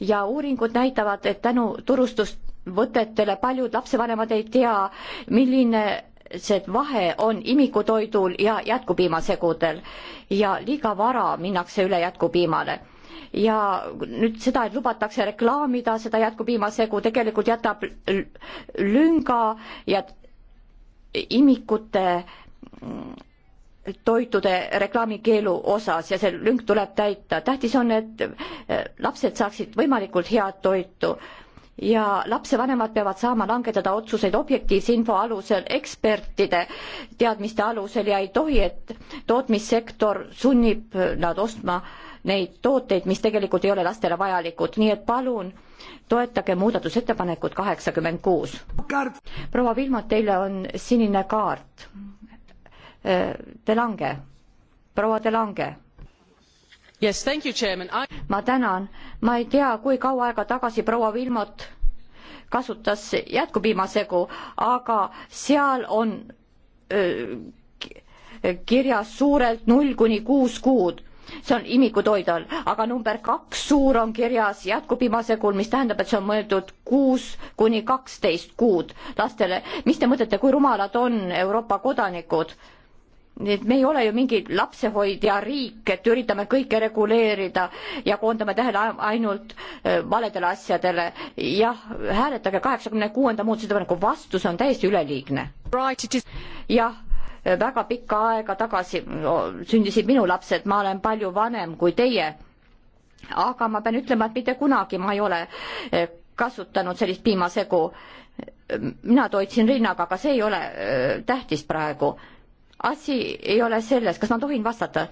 [SPEAKER 1] ja uuringud näitavad, et tänu turustust võtetele, paljud lapsevanemad ei tea, milline see vahe on imikutoidul ja jätkupiimasegudel ja liiga vara minnakse üle jätkupiimale ja nüüd seda, et lubatakse reklaamida seda jätkupiimasegu, tegelikult jätab lünga ja imikute mm, toitude reklaamikeelu osas ja see lünk tuleb täita. tähtis on, et eh, lapsed saaksid võimalikult head toitu ja lapsevanemad peavad saama langetada otsuseid objektiivse info alusel, ekspertide teadmiste alusel ja ei tohi, et tootmissektor sunnib nad ostma neid tooteid, mis tegelikult ei ole lastele vajalikud, nii et palun toetage muudatusettepanekut kaheksakümmend kuus. proua Vilmot, teile on sinine kaart. Te äh, lange, proua Te lange
[SPEAKER 3] Yes, you, I...
[SPEAKER 1] ma tänan, ma ei tea, kui kaua aega tagasi proua Vilmot kasutas jätkupiimasegu, aga seal on öö, kirjas suurelt null kuni kuus kuud see on imikutoidal, aga number kaks suur on kirjas jätkupiimasegul, mis tähendab, et see on mõeldud kuus kuni kaksteist kuud lastele. mis te mõtlete, kui rumalad on Euroopa kodanikud? et me ei ole ju mingi lapsehoidja riik, et üritame kõike reguleerida ja koondame tähele ainult äh, valedele asjadele. jah, hääletage kaheksakümne kuuenda muudatusettepaneku vastu, see on täiesti üleliigne. jah, väga pikka aega tagasi sündisid minu lapsed, ma olen palju vanem kui teie. aga ma pean ütlema, et mitte kunagi ma ei ole äh, kasutanud sellist piimasegu. mina toitsin rinnaga, aga see ei ole äh, tähtis praegu asi ei ole selles, kas ma tohin vastata?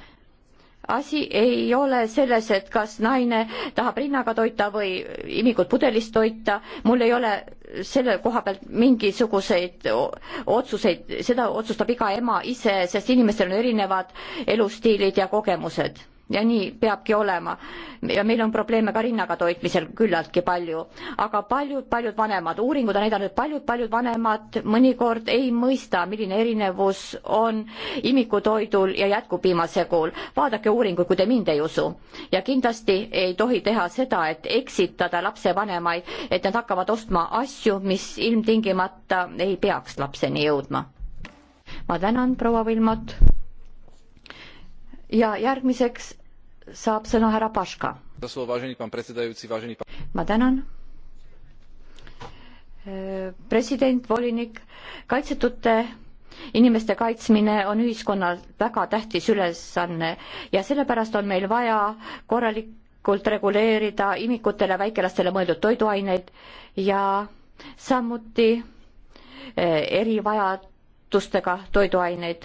[SPEAKER 1] asi ei ole selles, et kas naine tahab rinnaga toita või imikut pudelist toita, mul ei ole selle koha pealt mingisuguseid otsuseid, seda otsustab iga ema ise, sest inimestel on erinevad elustiilid ja kogemused ja nii peabki olema. ja meil on probleeme ka rinnaga toitmisel küllaltki palju, aga paljud-paljud vanemad, uuringud on näidanud, paljud-paljud vanemad mõnikord ei mõista, milline erinevus on imikutoidul ja jätkupiimasegul. vaadake uuringuid, kui te mind ei usu. ja kindlasti ei tohi teha seda, et eksitada lapsevanemaid, et nad hakkavad ostma asju, mis ilmtingimata ei peaks lapseni jõudma. ma tänan, proua Vilmot ja järgmiseks saab sõna härra Paška. ma tänan. Äh, president, volinik, kaitsetute inimeste kaitsmine on ühiskonnal väga tähtis ülesanne ja sellepärast on meil vaja korralikult reguleerida imikutele, väikelastele mõeldud toiduaineid ja samuti äh, erivajadustega toiduaineid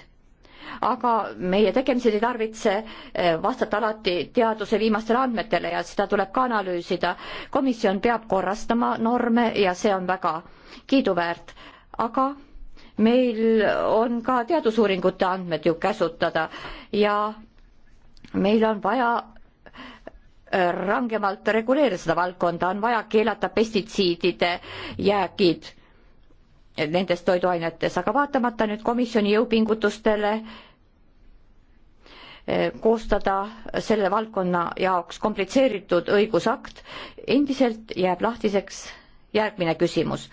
[SPEAKER 1] aga meie tegemised ei tarvitse eh, vastata alati teaduse viimastele andmetele ja seda tuleb ka analüüsida. komisjon peab korrastama norme ja see on väga kiiduväärt, aga meil on ka teadusuuringute andmed ju käsutada ja meil on vaja eh, rangemalt reguleerida seda valdkonda, on vaja keelata pestitsiidide jäägid nendes toiduainetes, aga vaatamata nüüd komisjoni jõupingutustele eh, koostada selle valdkonna jaoks komplitseeritud õigusakt, endiselt jääb lahtiseks järgmine küsimus.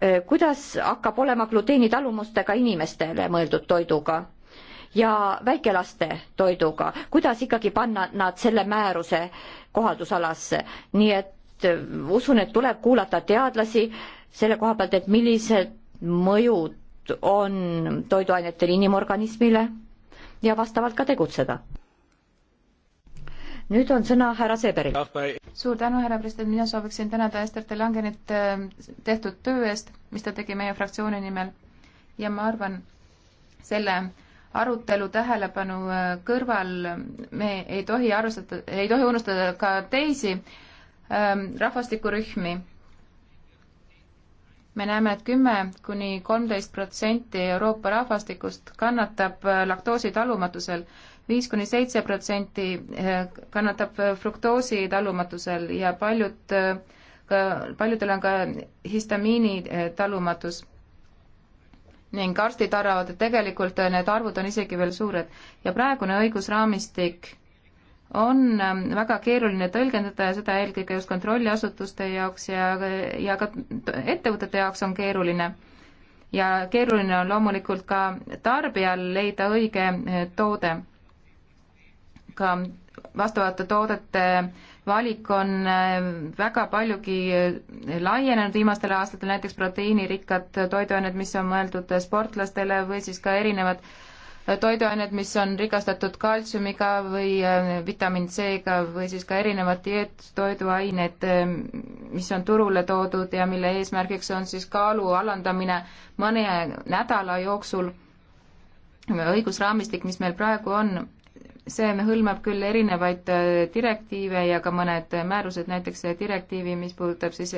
[SPEAKER 1] Eh, kuidas hakkab olema gluteenitalumustega inimestele mõeldud toiduga ja väikelaste toiduga, kuidas ikkagi panna nad selle määruse kohaldusalasse, nii et usun, et tuleb kuulata teadlasi selle koha pealt, et millised mõjud on toiduainetel inimorganismile ja vastavalt ka tegutseda. nüüd on sõna härra Seberil.
[SPEAKER 2] suur tänu, härra president, mina sooviksin tänada Ester Delangenit äh, tehtud töö eest, mis ta tegi meie fraktsiooni nimel ja ma arvan, selle arutelu tähelepanu äh, kõrval me ei tohi arvestada, ei tohi unustada ka teisi Ähm, rahvastikurühmi. me näeme et, et kümme kuni kolmteist protsenti Euroopa rahvastikust kannatab äh, laktoosi talumatusel, viis kuni seitse protsenti äh, kannatab äh, fruktoosi talumatusel ja paljud, paljudel on ka histamiini talumatus ning arstid arvavad, et tegelikult need arvud on isegi veel suured ja praegune õigusraamistik on ähm, väga keeruline tõlgendada ja seda eelkõige just kontrolliasutuste jaoks ja, ja ka ettevõtete jaoks on keeruline. ja keeruline on loomulikult ka tarbijal leida õige äh, toode. ka vastavate toodete valik on äh, väga paljugi äh, laienenud viimastel aastatel, näiteks proteiinirikkad toiduained, mis on mõeldud sportlastele või siis ka erinevad äh, toiduained, mis on rikastatud kaltsiumiga või äh, vitamiin C-ga või siis ka erinevad dieettoiduained, ähm, mis on turule toodud ja mille eesmärgiks on siis kaalu alandamine mõne nädala jooksul. õigusraamistik, mis meil praegu on, see hõlmab küll erinevaid äh, direktiive ja ka mõned määrused, näiteks direktiivi, mis puudutab siis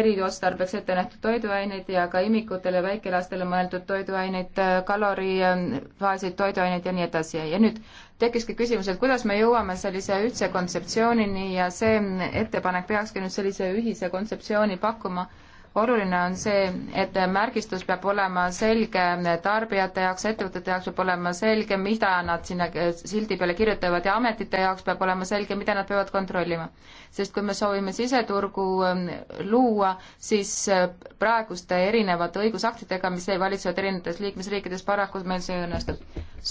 [SPEAKER 2] eriotstarbeks ette nähtud toiduaineid ja ka imikutele ja väikelastele mõeldud toiduaineid, kalorifaasid, toiduaineid ja nii edasi. ja nüüd tekkiski küsimus, et kuidas me jõuame sellise ühtse kontseptsioonini ja see ettepanek peakski nüüd sellise ühise kontseptsiooni pakkuma oluline on see, et märgistus peab olema selge tarbijate jaoks, ettevõtete jaoks peab olema selge, mida nad sinna eh, sildi peale kirjutavad ja ametite jaoks peab olema selge, mida nad peavad kontrollima. sest kui me soovime siseturgu eh, luua, siis eh, praeguste erinevate õigusaktidega, mis valitsevad erinevates liikmesriikides, paraku meil see ei õnnestu.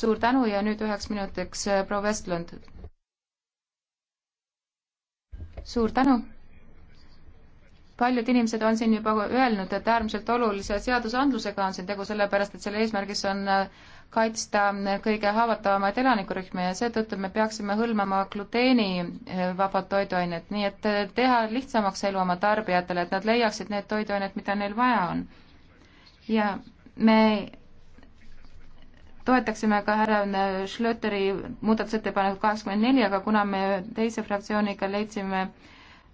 [SPEAKER 2] suur tänu ja nüüd üheks minutiks proua Vestlund. suur tänu paljud inimesed on siin juba öelnud, et äärmiselt olulise seadusandlusega on siin tegu, sellepärast et selle eesmärgis on äh, kaitsta kõige haavatavamaid elanikurühmi ja seetõttu me peaksime hõlmama gluteenivabad äh, toiduained, nii et äh, teha lihtsamaks elu oma tarbijatele, et nad leiaksid need toiduained, mida neil vaja on. ja me toetaksime ka härra Schlöteri muudatusettepanekut kaheksakümmend neli, aga kuna me teise fraktsiooniga leidsime,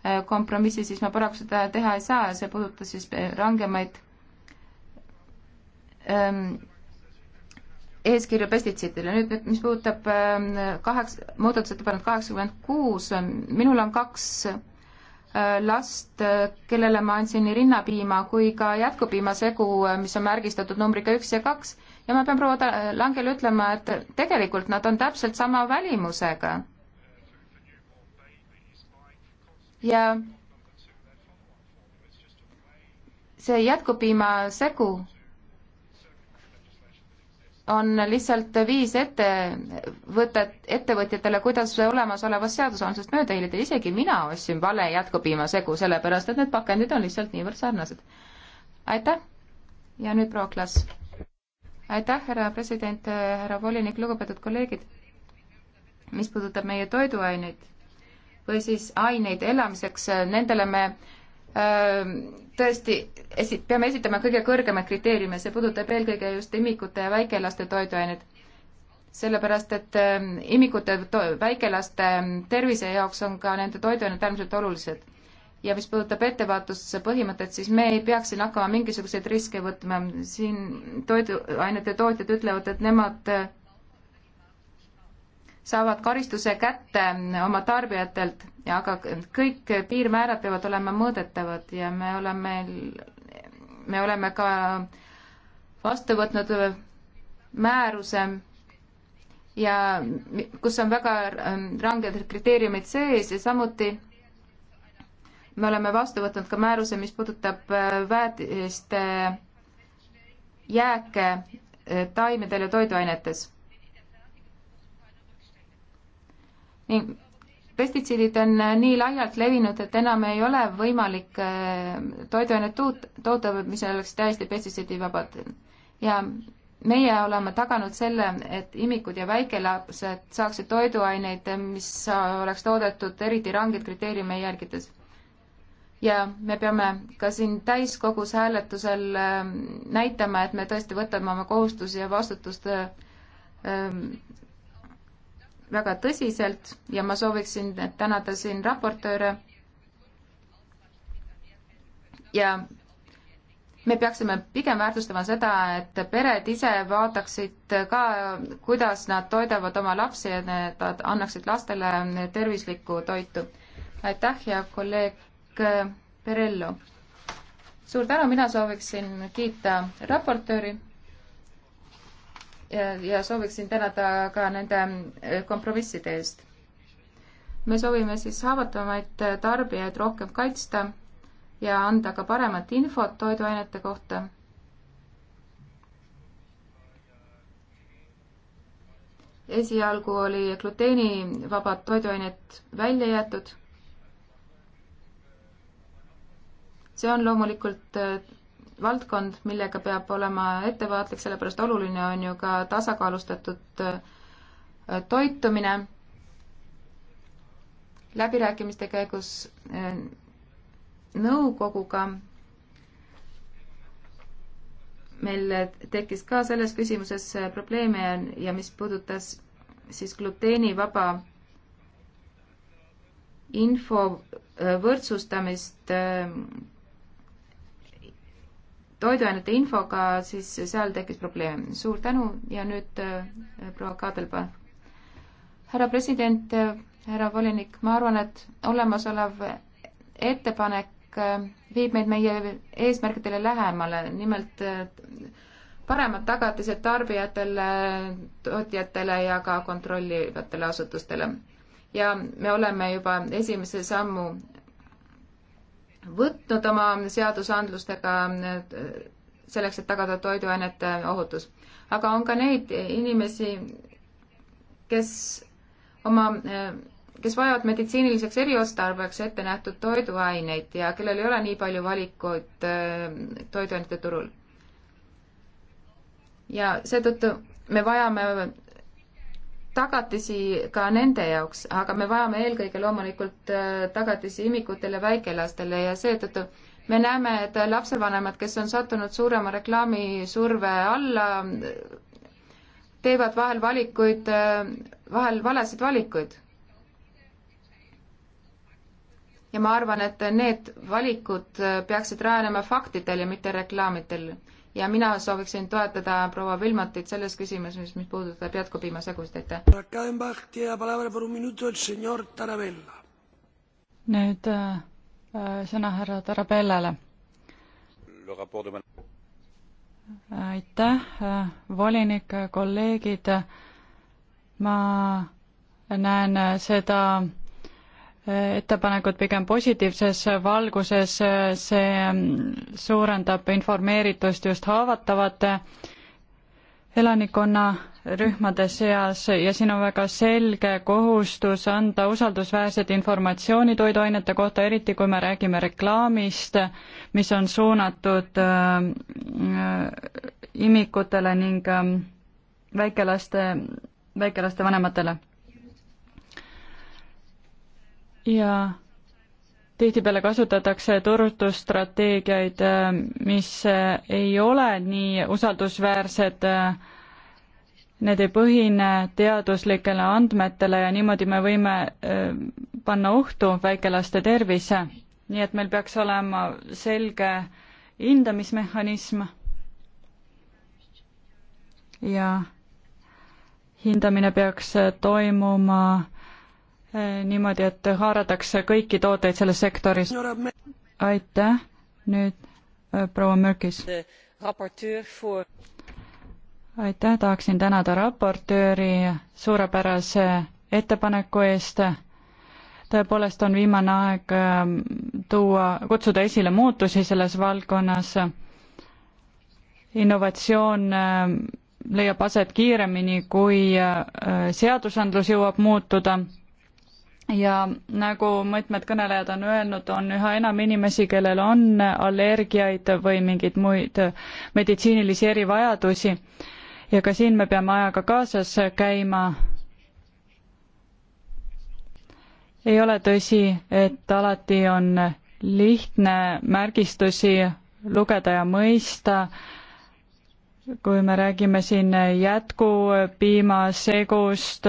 [SPEAKER 2] Äh, kompromissi, siis ma paraku seda teha ei saa, see puudutas siis rangemaid ähm, eeskirju pestitsiidile. nüüd, nüüd mis puudutab ähm, kaheks, muudatusettepanek kaheksakümmend kuus, äh, minul on kaks äh, last, äh, kellele ma andsin nii rinnapiima kui ka jätkupiimasegu, mis on märgistatud numbriga üks ja kaks ja ma pean proua Langele ütlema, et tegelikult nad on täpselt sama välimusega ja see jätkupiimasegu on lihtsalt viis ettevõtet, ettevõtjatele, kuidas olemasolevast seadusandlusest mööda hiilida, isegi mina ostsin vale jätkupiimasegu, sellepärast et need pakendid on lihtsalt niivõrd sarnased. aitäh ja nüüd proua Klas. aitäh, härra president, härra volinik, lugupeetud kolleegid. mis puudutab meie toiduaineid või siis aineid elamiseks, nendele me ähm, tõesti esi-, peame esitama kõige kõrgemaid kriteeriume, see puudutab eelkõige just imikute ja väikelaste toiduained. sellepärast, et ähm, imikute to-, väikelaste ähm, tervise jaoks on ka nende toiduained äärmiselt olulised. ja mis puudutab ettevaatuse põhimõtet, siis me ei peaks siin hakkama mingisuguseid riske võtma, siin toiduainete tootjad ütlevad, et nemad äh, saavad karistuse kätte oma tarbijatelt, aga kõik piirmäärad peavad olema mõõdetavad ja me oleme, me oleme ka vastu võtnud määruse ja kus on väga ranged kriteeriumid sees ja samuti me oleme vastu võtnud ka määruse, mis puudutab väetiste jääke taimedel ja toiduainetes ning pestitsiidid on äh, nii laialt levinud, et enam ei ole võimalik äh, toiduainet toota, toota, mis oleks täiesti pestitsiidivabad. ja meie oleme taganud selle, et imikud ja väikelapsed saaksid toiduaineid, mis oleks toodetud eriti rangeid kriteeriume järgides. ja me peame ka siin täiskogus hääletusel äh, näitama, et me tõesti võtame oma kohustusi ja vastutust ähm, väga tõsiselt ja ma sooviksin tänada siin raportööre ja me peaksime pigem väärtustama seda, et pered ise vaataksid ka, kuidas nad toidavad oma lapsi ja nad annaksid lastele tervislikku toitu. aitäh, hea kolleeg Perello! suur tänu, mina sooviksin kiita raportööri ja sooviksin tänada ka nende eh, kompromisside eest. me soovime siis haavatavamaid eh, tarbijaid rohkem kaitsta ja anda ka paremat infot toiduainete kohta. esialgu oli gluteenivabad toiduained välja jäetud. see on loomulikult eh, valdkond, millega peab olema ettevaatlik, sellepärast oluline on ju ka tasakaalustatud äh, toitumine. läbirääkimiste käigus äh, nõukoguga meil tekkis ka selles küsimuses äh, probleeme ja mis puudutas siis gluteenivaba info võrdsustamist toiduainete infoga, siis seal tekkis probleem. suur tänu ja nüüd äh, proua Kadelba. härra president, äh, härra volinik, ma arvan, et olemasolev ettepanek äh, viib meid meie eesmärkidele lähemale, nimelt paremad tagatised tarbijatele, tootjatele ja ka kontrollivatele asutustele. ja me oleme juba esimese sammu võtnud oma seadusandlustega selleks, et tagada toiduainete ohutus. aga on ka neid inimesi, kes oma, kes vajavad meditsiiniliseks eriotstarbeks ette nähtud toiduaineid ja kellel ei ole nii palju valikuid eh, toiduainete turul. ja seetõttu me vajame tagatisi ka nende jaoks, aga me vajame eelkõige loomulikult äh, tagatisi imikutele, väikelastele ja seetõttu me näeme, et lapsevanemad, kes on sattunud suurema reklaamisurve alla, teevad vahel valikuid, äh, vahel valesid valikuid. ja ma arvan, et need valikud äh, peaksid rajanema faktidel ja mitte reklaamidel ja mina sooviksin toetada proua Vilmotit selles küsimuses, mis, mis puudutab jätkupiimasegusid, aitäh. nüüd äh, sõna härra
[SPEAKER 3] Tarabellale. aitäh, äh, volinik, kolleegid, ma näen äh, seda ettepanekud pigem positiivses valguses, see suurendab informeeritust just haavatavate elanikkonnarühmade seas ja siin on väga selge kohustus anda usaldusväärset informatsiooni toiduainete kohta, eriti kui me räägime reklaamist, mis on suunatud äh, imikutele ning äh, väikelaste, väikelaste vanematele ja tihtipeale kasutatakse turustusstrateegiaid, mis ei ole nii usaldusväärsed, need ei põhine teaduslikele andmetele ja niimoodi me võime eh, panna ohtu väikelaste tervise. nii et meil peaks olema selge hindamismehhanism ja hindamine peaks toimuma niimoodi, et haaratakse kõiki tooteid selles sektoris. aitäh, nüüd äh, proua Mörkis. aitäh, tahaksin tänada raportööri suurepärase ettepaneku eest. tõepoolest on viimane aeg ähm, tuua, kutsuda esile muutusi selles valdkonnas. innovatsioon ähm, leiab aset kiiremini, kui äh, seadusandlus jõuab muutuda ja nagu mitmed kõnelejad on öelnud, on üha enam inimesi, kellel on allergiaid või mingeid muid meditsiinilisi erivajadusi ja ka siin me peame ajaga kaasas käima. ei ole tõsi, et alati on lihtne märgistusi lugeda ja mõista kui me räägime siin jätkupiimasegust,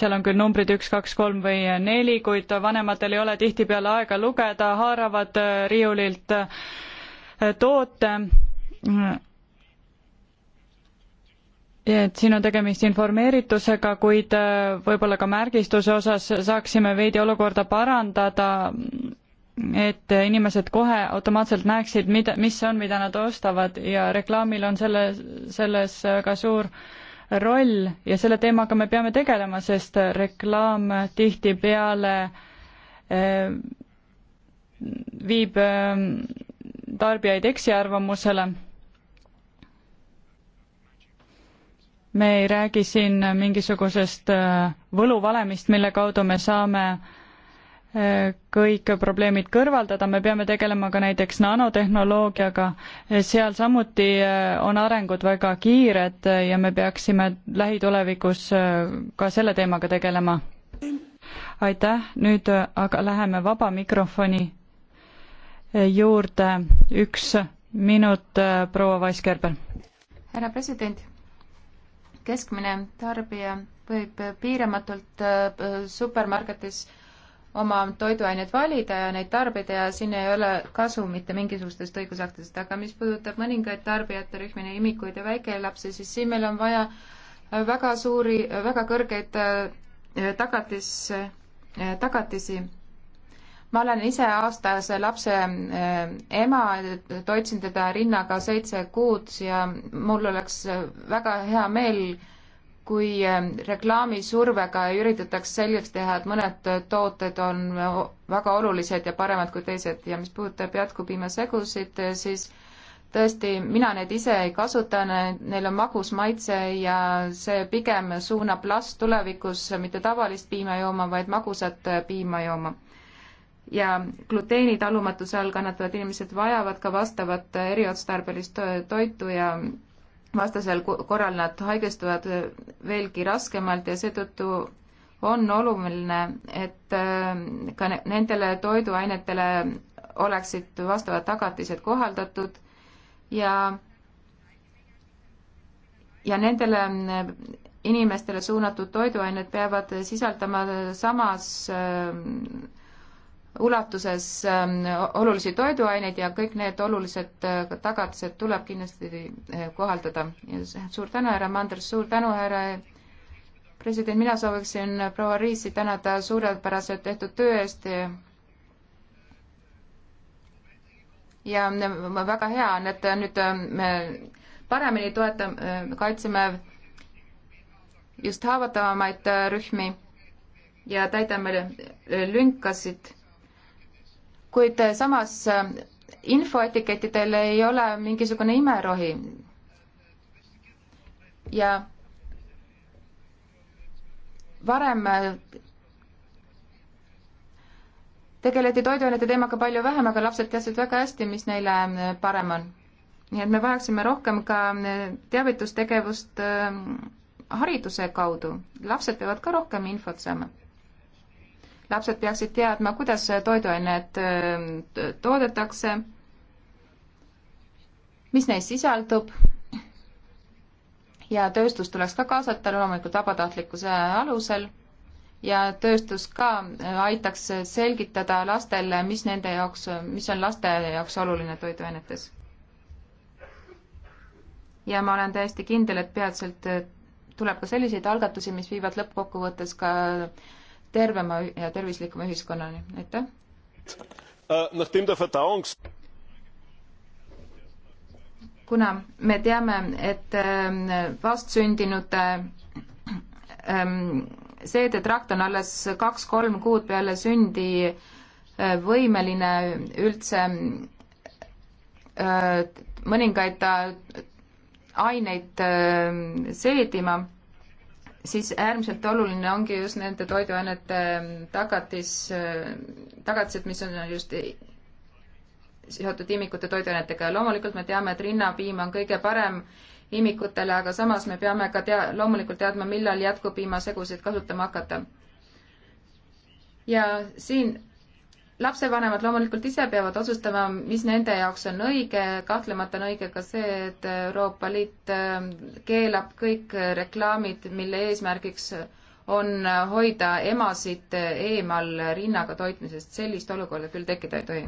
[SPEAKER 3] seal on küll numbrid üks, kaks, kolm või neli, kuid vanematel ei ole tihtipeale aega lugeda, haaravad riiulilt toote. et siin on tegemist informeeritusega, kuid võib-olla ka märgistuse osas saaksime veidi olukorda parandada et inimesed kohe automaatselt näeksid, mida, mis see on, mida nad ostavad ja reklaamil on selle, selles väga suur roll ja selle teemaga me peame tegelema, sest reklaam tihtipeale eh, viib eh, tarbijaid eksiarvamusele. me ei räägi siin mingisugusest eh, võluvalemist, mille kaudu me saame äh, kõik probleemid kõrvaldada, me peame tegelema ka näiteks nanotehnoloogiaga, seal samuti eh, on arengud väga kiired eh, ja me peaksime lähitulevikus eh, ka selle teemaga tegelema. aitäh, nüüd aga läheme vaba mikrofoni juurde, üks minut, proua Vaiskerber.
[SPEAKER 2] härra president, keskmine tarbija võib piiramatult supermarketis äh, oma toiduained valida ja neid tarbida ja siin ei ole kasu mitte mingisugustest õigusaktidest, aga mis puudutab mõningaid tarbijate rühmi, nii imikuid ja väikelapsi, siis siin meil on vaja väga suuri, väga kõrgeid äh, tagatis, äh, tagatisi. ma olen ise aastase lapse äh, ema, toitsin teda rinnaga seitse kuud ja mul oleks väga hea meel kui ähm, reklaamisurvega üritatakse selgeks teha, et mõned tooted on väga olulised ja paremad kui teised ja mis puudutab jätkupiimasegusid, siis tõesti, mina neid ise ei kasuta, neil on magus maitse ja see pigem suunab last tulevikus mitte tavalist piima jooma, vaid magusat piima jooma. ja gluteeni talumatuse all kannatavad inimesed vajavad ka vastavat eriotstarbelist toitu ja vastasel korral nad haigestuvad eh, veelgi raskemalt ja seetõttu on oluline, et eh, ka nendele toiduainetele oleksid vastavad tagatised kohaldatud ja, ja nendele eh, inimestele suunatud toiduained peavad sisaldama samas äh, ulatuses ähm, olulisi toiduaineid ja kõik need olulised äh, tagatised tuleb kindlasti äh, kohaldada. suur tänu, härra Manders, suur tänu, härra president, mina sooviksin proua Riisi tänada suurepäraselt tehtud töö eest ja väga hea on, et nüüd äh, me paremini toetame, kaitseme just haavatavamaid rühmi ja täidame lünkasid kuid samas äh, infoetiketidel ei ole mingisugune imerohi. ja varem äh, tegeleti toiduainete teemaga palju vähem, aga lapsed teadsid väga hästi, mis neile äh, parem on. nii et me vajaksime rohkem ka teavitustegevust hariduse kaudu. lapsed peavad ka rohkem infot saama lapsed peaksid teadma, kuidas toiduained äh, toodetakse, mis neis sisaldub ja tööstus tuleks ka kaasata loomulikult vabatahtlikkuse alusel ja tööstus ka äh, aitaks selgitada lastele, mis nende jaoks, mis on laste jaoks oluline toiduainetes. ja ma olen täiesti kindel, et peatselt äh, tuleb ka selliseid algatusi, mis viivad lõppkokkuvõttes ka äh, tervema ja tervislikuma ühiskonnani, aitäh! Äh, kuna me teame, et ähm, vastsündinute ähm, seedetrakt on alles kaks-kolm kuud peale sündi äh, võimeline üldse äh, mõningaid aineid seedima siis äärmiselt oluline ongi just nende toiduainete ähm, tagatis, äh, tagatised, mis on just seotud imikute toiduainetega ja loomulikult me teame, et rinnapiim on kõige parem imikutele, aga samas me peame ka tea-, loomulikult teadma, millal jätkupiimasegusid kasutama hakata. ja siin lapsevanemad loomulikult ise peavad otsustama, mis nende jaoks on õige, kahtlemata on õige ka see, et Euroopa Liit ähm, keelab kõik reklaamid, mille eesmärgiks on hoida emasid eemal rinnaga toitmisest, sellist olukorda küll tekkida ei tohi.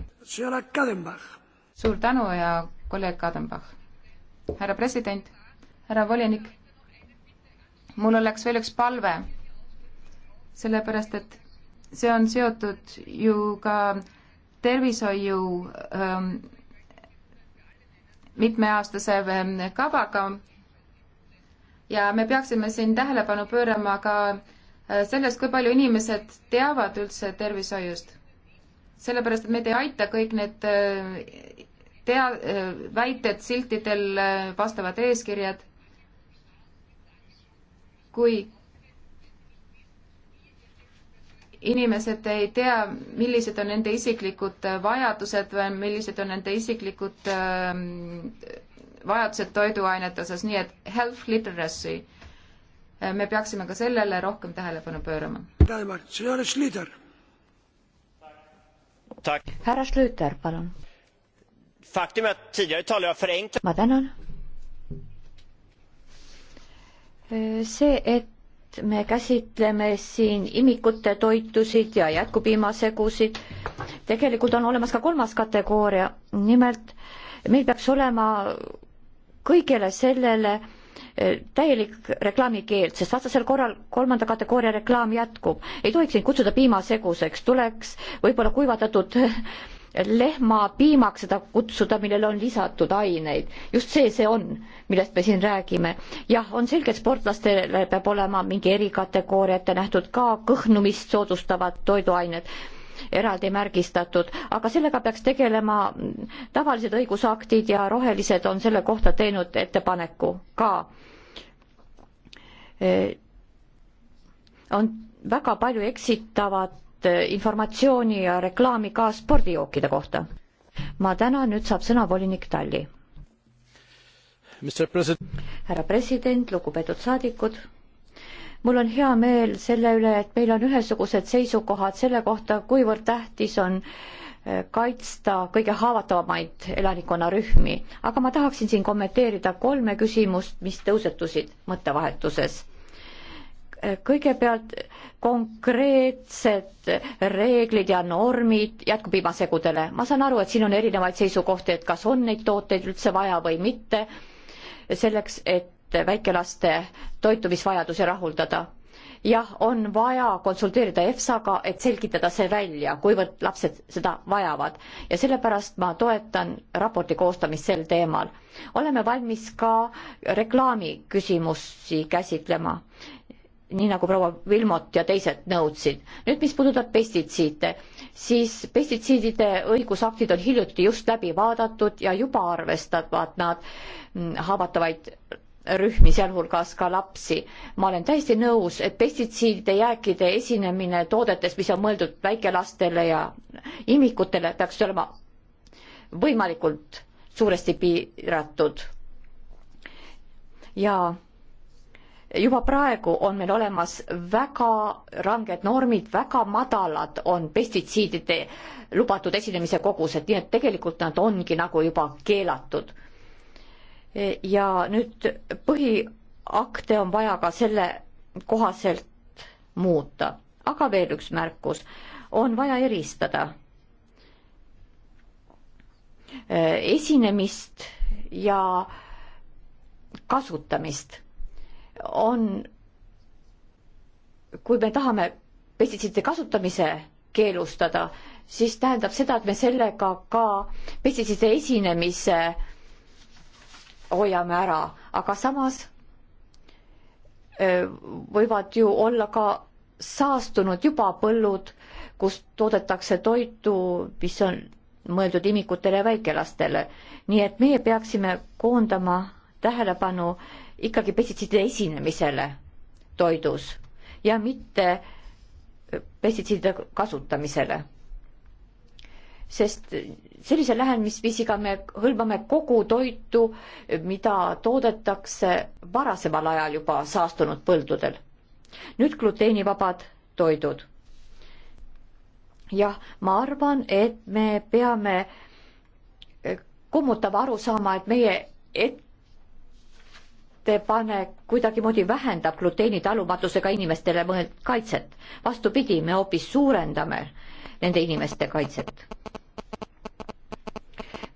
[SPEAKER 2] suur tänu ja kolleeg Kadenbach. härra president, härra volinik, mul oleks veel üks palve, sellepärast et see on seotud ju ka tervishoiu ähm, mitmeaastase ähm, kavaga ja me peaksime siin tähelepanu pöörama ka äh, sellest, kui palju inimesed teavad üldse tervishoiust. sellepärast, et meid ei aita kõik need äh, tea-, äh, väited siltidel, vastavad eeskirjad, kui inimesed ei tea, millised on nende isiklikud äh, vajadused või millised on nende isiklikud ähm, vajadused toiduainete osas, nii et health literacy, äh, me peaksime ka sellele rohkem tähelepanu pöörama.
[SPEAKER 1] härra Schlüter, palun. ma tänan äh, see, et et me käsitleme siin imikute toitusid ja jätkupiimasegusid. tegelikult on olemas ka kolmas kategooria, nimelt meil peaks olema kõigele sellele eh, täielik reklaamikeeld, sest vastasel korral kolmanda kategooria reklaam jätkub. ei tohiks neid kutsuda piimaseguseks, tuleks võib-olla kuivatatud lehma piimaks seda kutsuda, millele on lisatud aineid. just see see on, millest me siin räägime. jah, on selge, et sportlastele peab olema mingi erikategooria ette nähtud ka kõhnumist soodustavad toiduained eraldi märgistatud, aga sellega peaks tegelema tavalised õigusaktid ja rohelised on selle kohta teinud ettepaneku ka. Äh, on väga palju eksitavat Eh, informatsiooni ja reklaami ka spordijookide kohta. ma tänan, nüüd saab sõna volinik Talli. härra president, lugupeetud saadikud, mul on hea meel selle üle, et meil on ühesugused seisukohad selle kohta, kuivõrd tähtis on eh, kaitsta kõige haavatavamaid elanikkonnarühmi, aga ma tahaksin siin kommenteerida kolme küsimust, mis tõusetusid mõttevahetuses kõigepealt konkreetsed reeglid ja normid jätkupiimasegudele. ma saan aru, et siin on erinevaid seisukohti, et kas on neid tooteid üldse vaja või mitte, selleks, et väikelaste toitumisvajadusi rahuldada. jah, on vaja konsulteerida EFSA-ga, et selgitada see välja, kuivõrd lapsed seda vajavad ja sellepärast ma toetan raporti koostamist sel teemal. oleme valmis ka reklaami küsimusi käsitlema nii nagu proua Vilmot ja teised nõudsid. nüüd, mis puudutab pestitsiite, siis pestitsiidide õigusaktid on hiljuti just läbi vaadatud ja juba arvestavad nad mm, haavatavaid rühmi, sealhulgas ka lapsi. ma olen täiesti nõus, et pestitsiidide jääkide esinemine toodetes, mis on mõeldud väikelastele ja imikutele, peaks olema võimalikult suuresti piiratud. ja juba praegu on meil olemas väga ranged normid, väga madalad on pestitsiidide lubatud esinemise kogused, nii et tegelikult nad ongi nagu juba keelatud. ja nüüd põhiakte on vaja ka selle kohaselt muuta, aga veel üks märkus, on vaja eristada esinemist ja kasutamist on, kui me tahame pestitsiidide kasutamise keelustada, siis tähendab seda, et me sellega ka pestitsiidide esinemise hoiame ära, aga samas võivad ju olla ka saastunud juba põllud, kus toodetakse toitu, mis on mõeldud imikutele ja väikelastele. nii et meie peaksime koondama tähelepanu ikkagi pestitsiidide esinemisele toidus ja mitte pestitsiidide kasutamisele. sest sellise lähenemisviisiga me hõlmame kogu toitu, mida toodetakse varasemal ajal juba saastunud põldudel. nüüd gluteenivabad toidud. jah, ma arvan, et me peame kummutava aru saama, et meie ette ettepanek kuidagimoodi vähendab gluteeni talumatusega inimestele mõeld kaitset. vastupidi, me hoopis suurendame nende inimeste kaitset.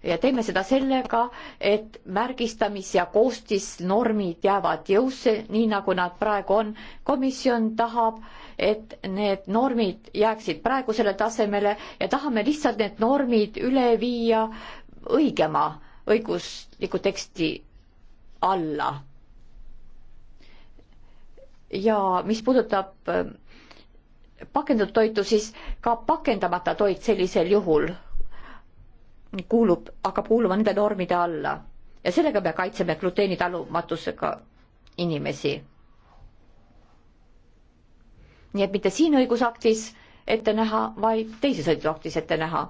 [SPEAKER 1] ja teeme seda sellega, et märgistamis- ja koostisnormid jäävad jõusse, nii nagu nad praegu on. komisjon tahab, et need normid jääksid praegusele tasemele ja tahame lihtsalt need normid üle viia õigema õigusliku teksti alla ja mis puudutab äh, pakendatud toitu, siis ka pakendamata toit sellisel juhul kuulub, hakkab kuuluma nende normide alla ja sellega me kaitseme gluteenitalumatusega inimesi. nii et mitte siin õigusaktis ette näha, vaid teises õigusaktis ette näha.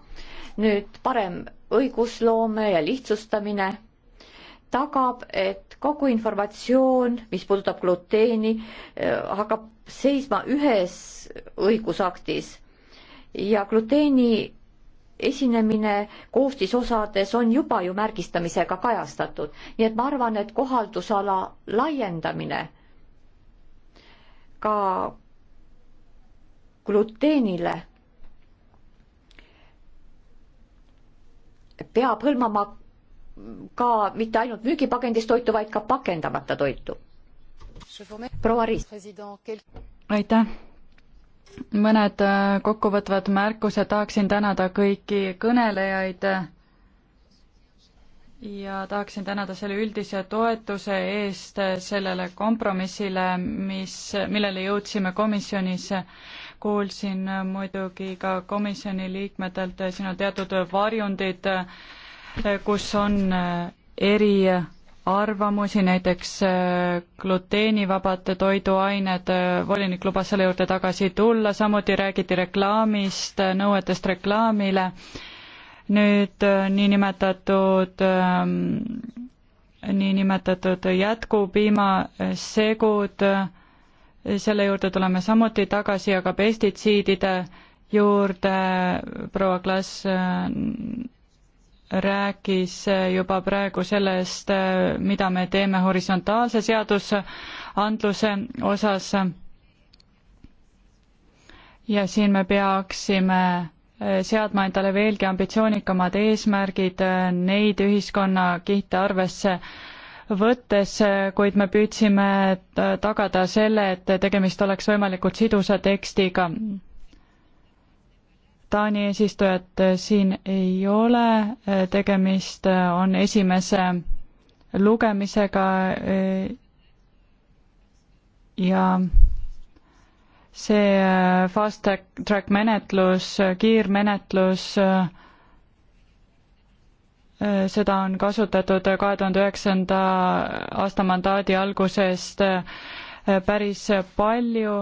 [SPEAKER 1] nüüd parem õigusloome ja lihtsustamine tagab, et kogu informatsioon, mis puudutab gluteeni, eh, hakkab seisma ühes õigusaktis ja gluteeni esinemine koostisosades on juba ju märgistamisega kajastatud, nii et ma arvan, et kohaldusala laiendamine ka gluteenile peab hõlmama ka mitte ainult müügipakendis toitu, vaid ka pakendamata toitu. proua Riis. aitäh. mõned
[SPEAKER 3] äh, kokkuvõtvad märkused, tahaksin tänada kõiki kõnelejaid ja tahaksin tänada selle üldise toetuse eest sellele kompromissile, mis, millele jõudsime komisjonis. kuulsin muidugi ka komisjoni liikmetelt, siin on teatud varjundid äh, kus on äh, eri äh, arvamusi, näiteks äh, gluteenivabad toiduained, volinik lubas selle juurde tagasi tulla, samuti räägiti reklaamist, nõuetest reklaamile, nüüd niinimetatud ähm, niinimetatud jätkupiimasegud, selle juurde tuleme samuti tagasi, aga pestitsiidide juurde proua Klas rääkis juba praegu sellest, mida me teeme horisontaalse seadusandluse osas. ja siin me peaksime seadma endale veelgi ambitsioonikamad eesmärgid, neid ühiskonnakihte arvesse võttes, kuid me püüdsime tagada selle, et tegemist oleks võimalikult sidusa tekstiga Taani eesistujat siin ei ole, tegemist on esimese lugemisega eh, ja see eh, fast track menetlus, kiirmenetlus, eh, seda on kasutatud kahe tuhande üheksanda aasta mandaadi algusest päris palju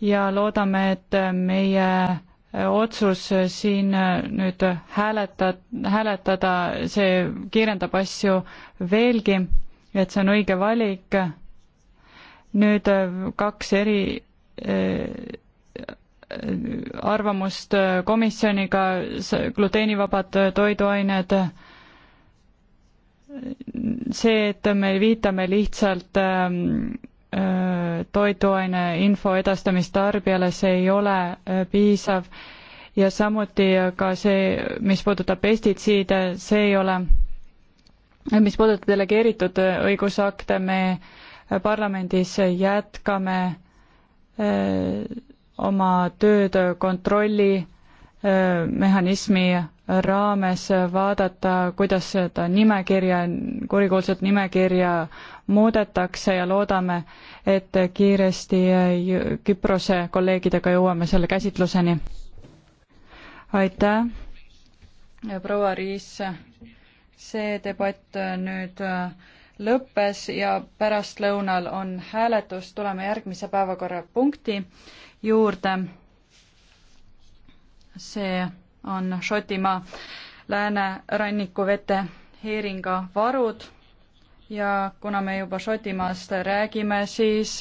[SPEAKER 3] ja loodame, et meie otsus siin äh, nüüd hääleta, hääletada, see kiirendab asju veelgi, et see on õige valik. nüüd äh, kaks eri äh, arvamust komisjoniga, gluteenivabad toiduained, see, et me viitame lihtsalt ähm, toiduaine info edastamist tarbijale, see ei ole piisav ja samuti ka see, mis puudutab pestitsiide, see ei ole, mis puudutab delegeeritud õigusakte, me parlamendis jätkame oma tööd kontrolli Äh, mehhanismi raames vaadata, kuidas seda nimekirja, kurikuulsat nimekirja muudetakse ja loodame, et kiiresti äh, Küprose kolleegidega jõuame selle käsitluseni. aitäh, proua Riis. see debatt äh, nüüd lõppes ja pärastlõunal on hääletus, tuleme järgmise päevakorrapunkti juurde see on Šotimaa läänerannikuvete heeringavarud ja kuna me juba Šotimaast räägime, siis